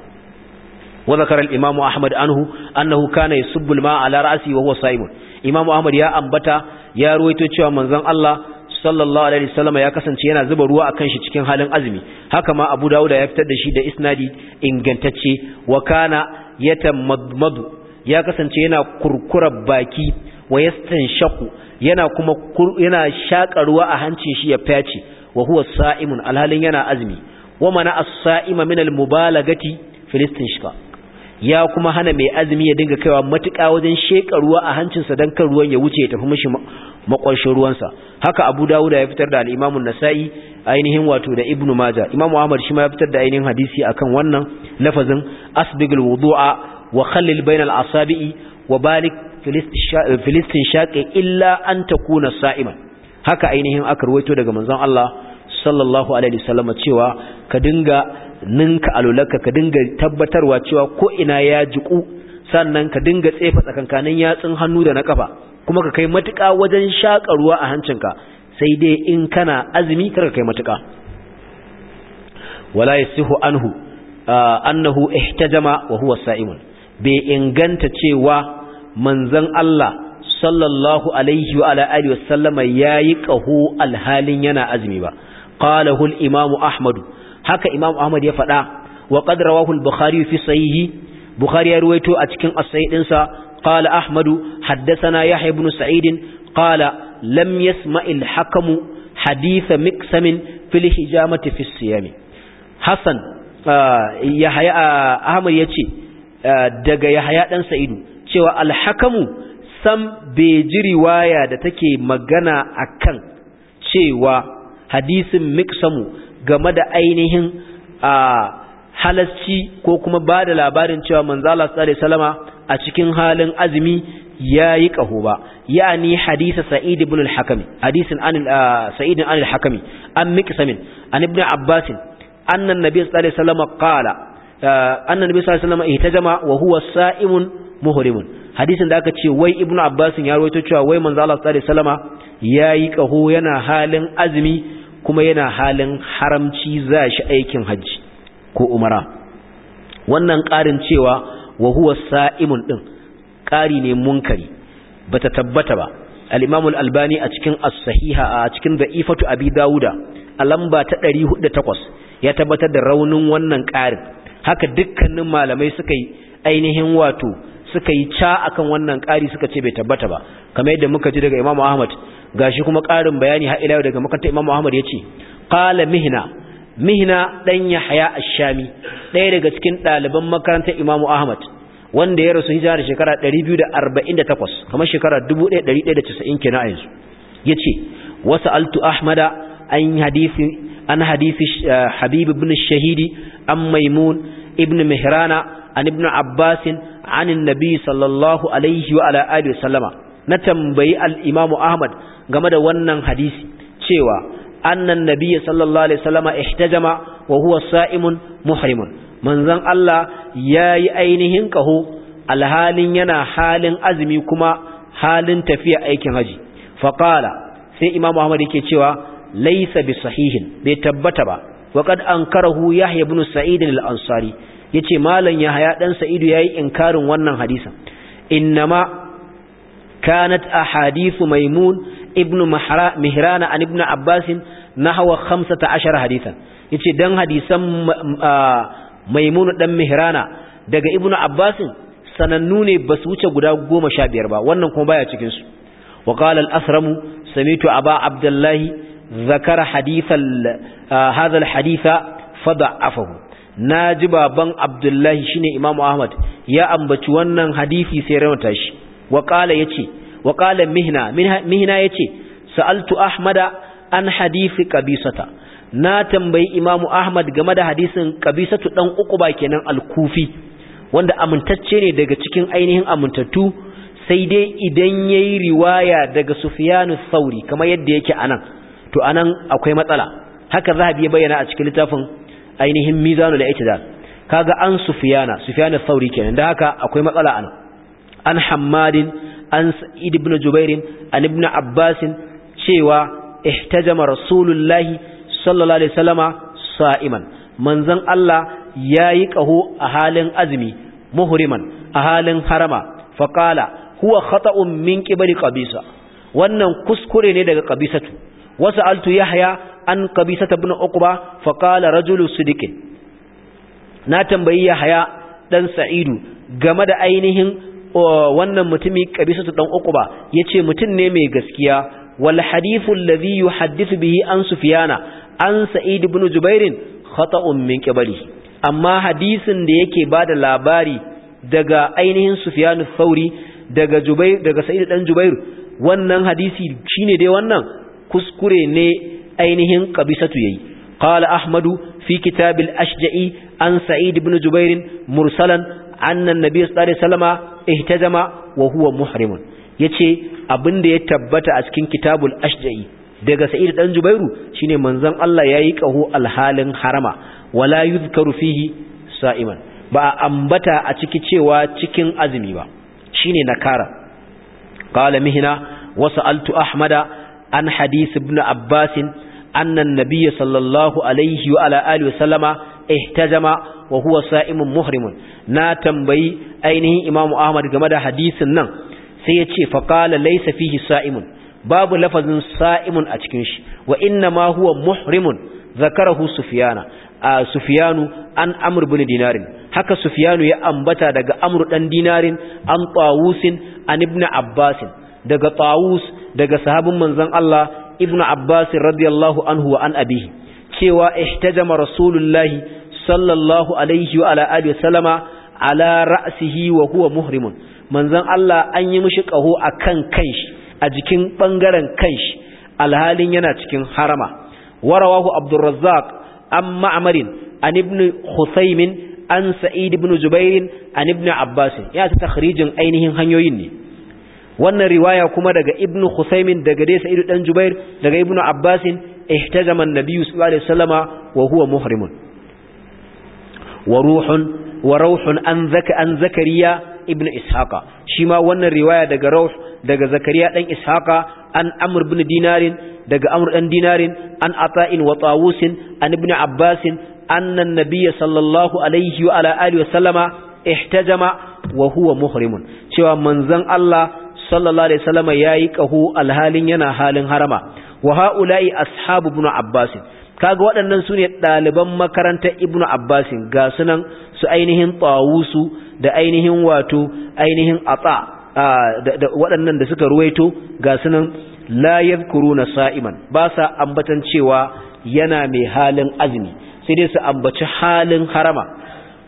wa zakara al imam ahmad anhu annahu kana yusubbu al-ma'a ala ra'si wa huwa sa'imun imamu ahmad ya ambata ya ruwaito cewa manzon Allah sallallahu alaihi wasallam ya kasance yana zuba ruwa akan shi cikin halin azumi haka ma abu dauda ya fitar da shi da isnadi ingantacce wa kana yatamadmadu ya kasance yana kurkurar baki wa yastanshaku yana kuma yana shaƙa ruwa a hancin shi ya fyace wa huwa sa'imun alhalin yana azumi wa mana as-sa'ima min al-mubalagati filistin shika ya kuma hana mai azumi ya dinga kaiwa matuƙa wajen sheƙa ruwa a hancinsa don kan ruwan ya wuce ya tafi mishi ruwan ruwansa haka abu dawuda ya fitar da an nasa'i ainihin wato da ibnu maja Imam ahmad shi ma ya fitar da ainihin hadisi akan wannan lafazin asbigul wudu'a wa khallil bainal asabi'i wa balik filistin eh, shaƙe illa an ta kuna sa'iman haka ainihin aka ruwaito daga manzon Allah sallallahu alaihi wasallam cewa ka dinga ninka alulaka ka dinga tabbatarwa cewa ko ina ya jiku sannan ka dinga tsefa tsakankanin yatsun hannu da na ƙafa. kuma ka kai matuƙa wajen shaƙa ruwa a hancinka sai dai in kana azumi kar kai matuƙa wala yasihu anhu ah, annahu ihtajama wa huwa sa'imun bai inganta cewa manzon Allah sallallahu alaihi wa ala alihi wasallama yayi qahu alhalin yana azumi ba qalahu al-imam ahmad haka imam ahmad ya faɗa wa qad rawahu al-bukhari fi sahihi bukhari ya ruwaito a cikin as-sahih dinsa qala ahmad haddathana yahya ibn sa'id qala lam yasma' al-hakam hadith miqsam fi al-hijamati fi as hasan uh, yahya uh, ahmad yace uh, daga yahya dan sa'idu cewa alhakamu sam bai ji riwaya da take magana akan cewa hadisin miksamu game da ainihin a halasci ko kuma ba da labarin cewa manzala tsare salama a cikin halin azumi ya yi ƙaho ba yani hadisa sa'id ibn al-hakami hadisin an sa'id an al-hakami an miqsamin an ibn abbas anna nabi sallallahu alaihi wasallam qala anna nabi sallallahu alaihi wasallam ihtajama wa huwa sa'imun muhrimun hadisin da aka ce wai ibnu abbas ya rawaito cewa wai manzo Allah sallallahu alaihi wasallama yayi kaho yana halin azumi kuma yana halin haramci za shi aikin hajji ko umara wannan karin cewa wa huwa sa'imun din kari ne munkari bata tabbata ba al-imam al-albani a cikin as-sahiha a cikin da'ifatu abi dauda a lamba ta 408 ya tabbatar da raunin wannan karin haka dukkanin malamai suka yi ainihin wato suka yi ca akan wannan ƙari suka ce bai tabbata ba kamar yadda muka ji daga Imam Ahmad gashi kuma ƙarin bayani har ila daga makarantar Imam Ahmad yace qala mihna mihna dan haya a shami ɗaya daga cikin ɗaliban makarantar Imam Ahmad wanda ya rasu hijira da shekara 248 kamar shekara 1190 kenan a yanzu yace altu Ahmada an hadisi an hadisi eh, Habib bin Shahidi an Maimun ibn Mihrana an ibn Abbas an annabi sallallahu alaihi wa ala alihi wasallama na tambayi al Ahmad game da wannan hadisi cewa annan nabiyyi sallallahu alaihi wasallama ihtajama wa huwa sa'imun muhrimun manzon Allah yayi ainihin kaho alhalin yana halin azumi kuma halin tafiya aikin haji faqala sai Imam Ahmad yake cewa laysa bi sahihin bai tabbata ba وقد Ankarahu Yahya بن سعيد الأنصاري yace malam haya dan Sa'idu yi inkarin wannan hadisin innama kanat hadisu maimun ibn mihrana an ibn abbas nahwa 15 hadithan yace dan hadisan ah, maimun dan mihrana daga ibnu abbasin sanannu ne basu wuce guda goma sha biyar ba wannan kuma baya cikin su wa qala al samitu aba Abdullahi ذكر حديث هذا الحديث فضعفه na ji baban abdullahi shine imamu ahmad ya ambaci wannan hadisi sai ramata shi wa qala yace wa qala mihna mihna yace sa'altu ahmada an hadisi qabisata na tambayi imamu ahmad game da hadisin qabisatu dan ba kenan al-kufi wanda amintacce ne daga cikin ainihin amintattu sai dai idan yayi riwaya daga sufyanu sauri kamar yadda yake anan to anan akwai matsala haka zahabi ya bayyana a cikin littafin ainihin mizanu da itidal kaga an sufyana sufyana thauri kenan da haka akwai matsala ana an hammadin an sa'id ibn jubairin an ibn abbasin cewa ihtajama rasulullahi sallallahu alaihi wasallama sa'iman manzon Allah yayi kaho a halin azumi muhriman a halin harama faqala huwa khata'un min qibali qabisa wannan kuskure ne daga qabisatu altu yahya an qabisata ibn uqba fa qala rajulu sidiqin na tambayi ya haya ɗan sa'idu game da ainihin wannan mutumi ɗan dan Ya ce mutum ne mai gaskiya wal hadithu alladhi yuhaddithu bihi an sufyana an sa'id ibn jubairin khata'un min qibali amma hadisin da yake bada labari daga ainihin sufyanu thauri daga jubair daga sa'id dan jubair wannan hadisi shine dai wannan kuskure ne ainihin kabisatu yayi qala ahmadu fi kitab al-ashja'i an sa'id ibn jubair mursalan anna an-nabiy sallallahu alaihi wasallam ihtajama wa huwa muhrimun yace abinda ya tabbata a cikin kitabul ashja'i daga sa'id dan jubairu shine manzon Allah yayi kaho alhalin harama wala yuzkaru fihi sa'iman ba ambata a ciki cewa cikin azumi ba shine nakara qala mihna wa sa'altu ahmada an hadith ibn Abbas annan nabiyyu sallallahu alaihi wa ala alihi wasallama ihtajama wa huwa sa'imun muhrimun na tambayi ainihin Imam Ahmad game da hadisin nan sai ya ce fa qala laysa fihi sa'imun babu lafazin sa'imun a cikin shi wa inna ma huwa muhrimun zakarahu sufyana a sufyanu an amr bin dinarin haka sufyanu ya ambata daga amr dan dinarin an tawusin an ibn abbasin daga tawus daga sahabin manzon Allah Ibnu Abbas radiyallahu anhu wa an abihi cewa ihtajama rasulullahi sallallahu alaihi wa ala alihi wasallama ala ra'sihi wa huwa muhrimun manzon Allah an yi mishi kaho akan kanshi a jikin bangaren kanshi alhalin yana cikin harama warawahu abdurrazzaq an ma'amarin an ibn khusaymin an sa'id ibn jubairin an ibn abbas ya ta takhrijin ainihin hanyoyin ne wannan riwaya kuma daga ibnu khusaymin daga dai Sa'idu dan jubair daga ibnu abbasin ihtajama an-nabiy sallallahu alaihi wasallama wa huwa muhrimun wa ruhun wa rauhun an zaka an zakariya ibnu ishaqa shima wannan riwaya daga rauh daga zakariya dan ishaqa an amr ibn dinarin daga amr dan dinarin an ata'in wa tawusin an Ibn abbasin anna an-nabiy sallallahu alaihi wa ala alihi sallama ihtajama wa huwa muhrimun cewa manzon Allah sallallahu alaihi wasallam yayi kahu alhalin yana halin harama wa haula'i ashabu ibnu abbas kaga waɗannan sune ɗaliban makaranta ibnu abbas ga sunan su ainihin tawusu da ainihin wato ainihin ata da waɗannan da suka ruwaito ga sunan la yadhkuruna sa'iman ba sa ambatan cewa yana mai halin azumi sai dai su ambaci halin harama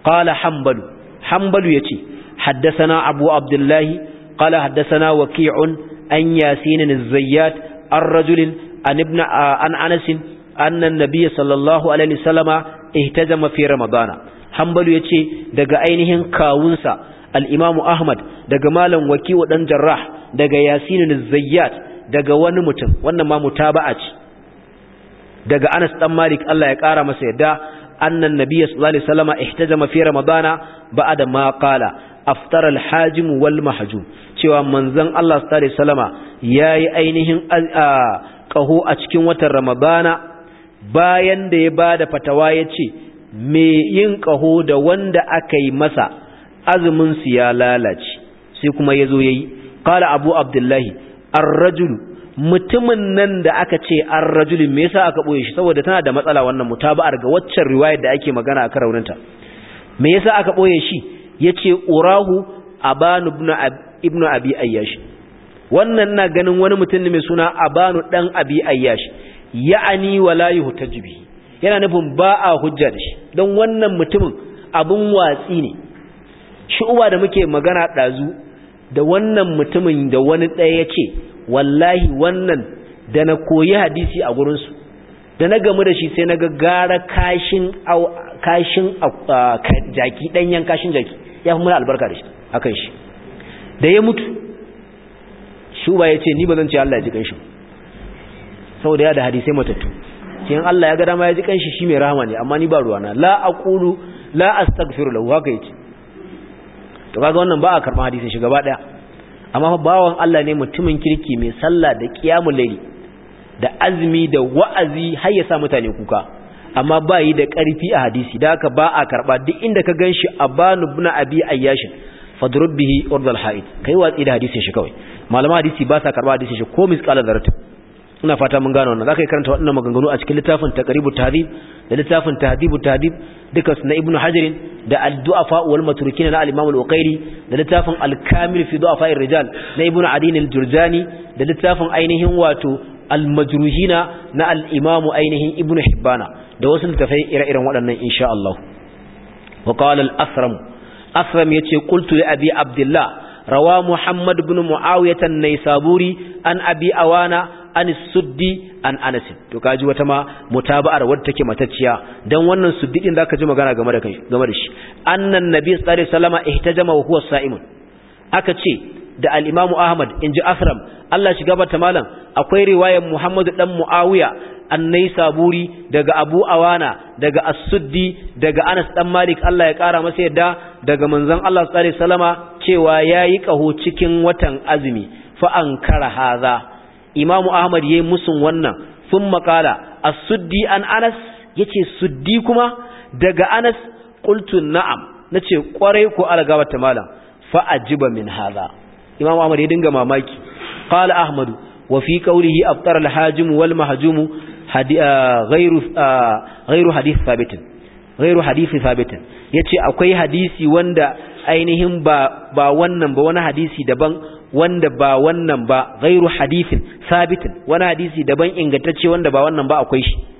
qala hanbalu hanbalu yace حدثنا أبو عبد الله قال حدثنا وكيع أن ياسين الزيات الرجل عن ابن عن أنس أن النبي صلى الله عليه وسلم اهتزم في رمضان حنبل يتي دقا أينهن كاونسا الإمام أحمد دقا مالا وكيع دن جراح دقا ياسين الزيات دقا ونمتم ونما متابعة دقا أنس دم مالك الله يكارا مسيدا أن النبي صلى الله عليه وسلم احتزم في رمضان بعد ما قال أفطر الحاجم والمحجوم cewa manzon Allah sallallahu alaihi wasallama yayi ainihin kaho a cikin watan Ramadana bayan da ya bada fatawa yace me yin kaho da wanda aka yi masa azumin su ya lalace sai kuma yazo yayi qala abu abdullahi ar-rajul mutumin nan da aka ce ar-rajul me yasa aka boye shi saboda tana da matsala wannan mutaba'ar ga waccan riwayar da ake magana akan raunanta me yasa aka boye shi yace urahu abanu ibn ibn abi ayyash wannan na ganin wani mutum ne mai suna abanu dan abi ayyash ya'ani wala yuhtaju bihi yana nufin ba a hujja da shi don wannan mutumin abun watsi ne shi uba da muke magana ɗazu da wannan mutumin da wani ɗaya ya ce wallahi wannan da na koyi hadisi a gurinsu da na gamu da shi sai na gaggara kashin kashin jaki ɗanyen kashin jaki ya fi muna albarka da shi akan shi da ya mutu su ba ya ce ni ba zan ce Allah ya ji kanshi saboda ya da hadisai matattu cikin Allah ya ga dama ya ji kanshi shi mai rahama ne amma ni ba ruwana la aqulu la astaghfiru lahu haka yake to kaga wannan ba a karba hadisin shi gaba daya amma bawan Allah ne mutumin kirki mai sallah da qiyamul layli da azumi da wa'azi har ya sa mutane kuka amma ba yi da karfi a hadisi da haka ba a karba duk inda ka ganshi abanu ibn abi ayyashin fadrub bihi urdal haid kai watsi da hadisin shi kawai malama hadisi ba sa karba hadisin shi ko misqala zarat ina fata mun gano wannan zaka yi karanta waɗannan maganganu a cikin littafin taqribu tahdhib da littafin tahdibu tahdib duka na ibnu hajar da ad-du'afa wal matrukin na al-imam al-uqairi da littafin al-kamil fi du'afa ar-rijal na ibnu adin al-jurjani da littafin ainihin wato al-majruhina na al-imam ainihin ibnu hibbana da wasu littafai ire-iren waɗannan insha Allah wa qala al-asram asram ce kultu li abi abdullah rawa muhammad bin Muawiyatan an saburi an abi awana an suddi an anas to kaji wata ma mutaba'ar wadda take matacciya dan wannan suddi din zaka ji magana game da shi annan nabi sallallahu alaihi wasallam ihtajama wa huwa sa'imun aka ce da al-imam ahmad inji asram Allah shiga bata malam akwai riwayar muhammad dan muawiya annaisaburi daga abu awana daga asuddi daga anas dan malik Allah ya kara masa yadda daga manzon Allah sallallahu alaihi wasallama cewa yayi kaho cikin watan azumi fa ankara hadha imamu ahmad yayi musun wannan thumma qala as an anas yace suddi kuma daga anas qultu na'am nace kwarai ku algaba ta malam fa ajiba min hadha imamu ahmad ya dinga mamaki qala ahmadu وفي قوله أفطر الحاجم والمهجوم Ah, ah, ghairu hadith sabitin ghairu hadisi sabitin yace akwai hadisi wanda ainihin ba ba wannan ba wani hadisi daban wanda ba wannan ba ghairu hadithin sabitin wani hadisi daban ingantacce wanda ba wannan ba akwai shi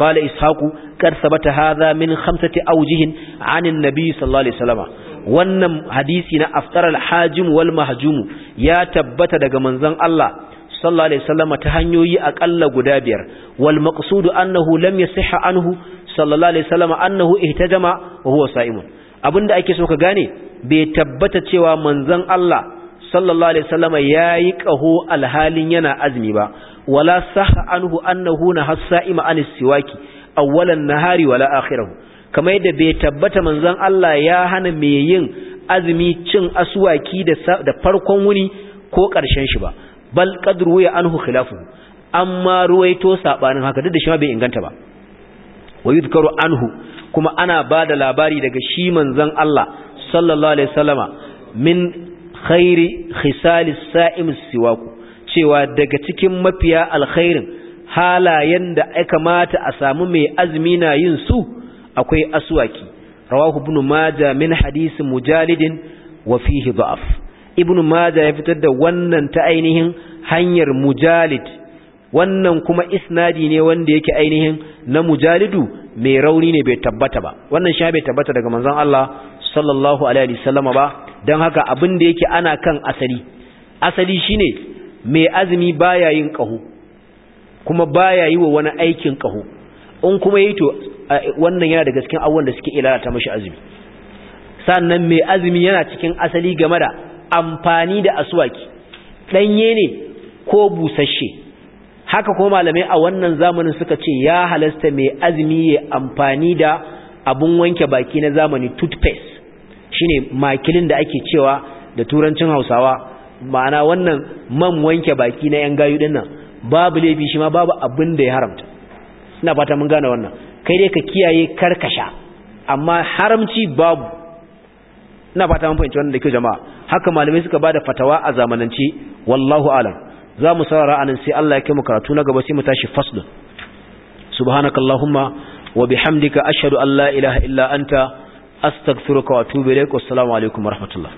قال إسحاق قد ثبت هذا min خمسة أوجه عن النبي صلى الله عليه wannan hadisi na aftar hajim wal mahjum ya tabbata daga manzon Allah sallallahu alaihi wasallam ta hanyoyi akalla guda biyar wal maqsudu annahu lam yasihha anhu sallallahu alaihi wasallam annahu ihtajama wa huwa sa'imun abinda ake so ka gane bai tabbata cewa manzon Allah sallallahu alaihi wasallam yayi ƙaho alhalin yana azumi ba wala sahha anhu annahu na hasa'ima anis siwaki awwalan nahari wala akhirahu kamar yadda bai tabbata manzon Allah ya hana mai yin azumi cin aswaki da farkon wuni ko ƙarshen shi ba bal kadru ya anhu khilafu amma ruwaito sabanin haka duk da shi ma bai inganta ba wa yudkaru anhu kuma ana bada labari daga shi manzon Allah sallallahu alaihi wasallama min khairi khisali sa'im siwaku cewa daga cikin mafiya alkhairin halayen da ya kamata a samu mai azumi na yin su akwai aswaki rawahu ibn majah min hadisi mujalidin wa fihi da'af Ibnu Majah ya fitar da wannan ta ainihin hanyar mujalid wannan kuma isnadi ne wanda yake ainihin na mujalidu mai rauni ne bai tabbata ba wannan shi bai tabbata daga manzon Allah sallallahu alaihi wasallam ba dan haka abin da yake ana kan asali asali shine mai azumi baya yin kaho kuma baya yi wa wani aikin kaho in kuma yi to wannan yana daga cikin abubuwan da suke ilalata mashi azumi sannan mai azumi yana cikin asali game da amfani da aswaki ɗanye ne ko busasshe haka ko malamai a wannan zamanin suka ce ya halasta mai azumi ya amfani da abun wanke baki na zamani toothpaste shine makilin da ake cewa da turancin hausawa ma'ana wannan man wanke baki na yan gayu din nan babu laifi shi ma babu abin da ya haramta ina fata mun gane wannan kai dai ka kiyaye karkasha amma haramci babu ina fata mun fahimci wannan da kyau jama'a haka malamai suka bada fatawa a zamanance wallahu alam za mu saurara anan sai Allah ya kai mu karatu na gaba sai mu tashi faslun subhanakallahumma wa bihamdika ashhadu an la ilaha illa anta astaghfiruka wa atubu ilaik assalamu alaikum warahmatullahi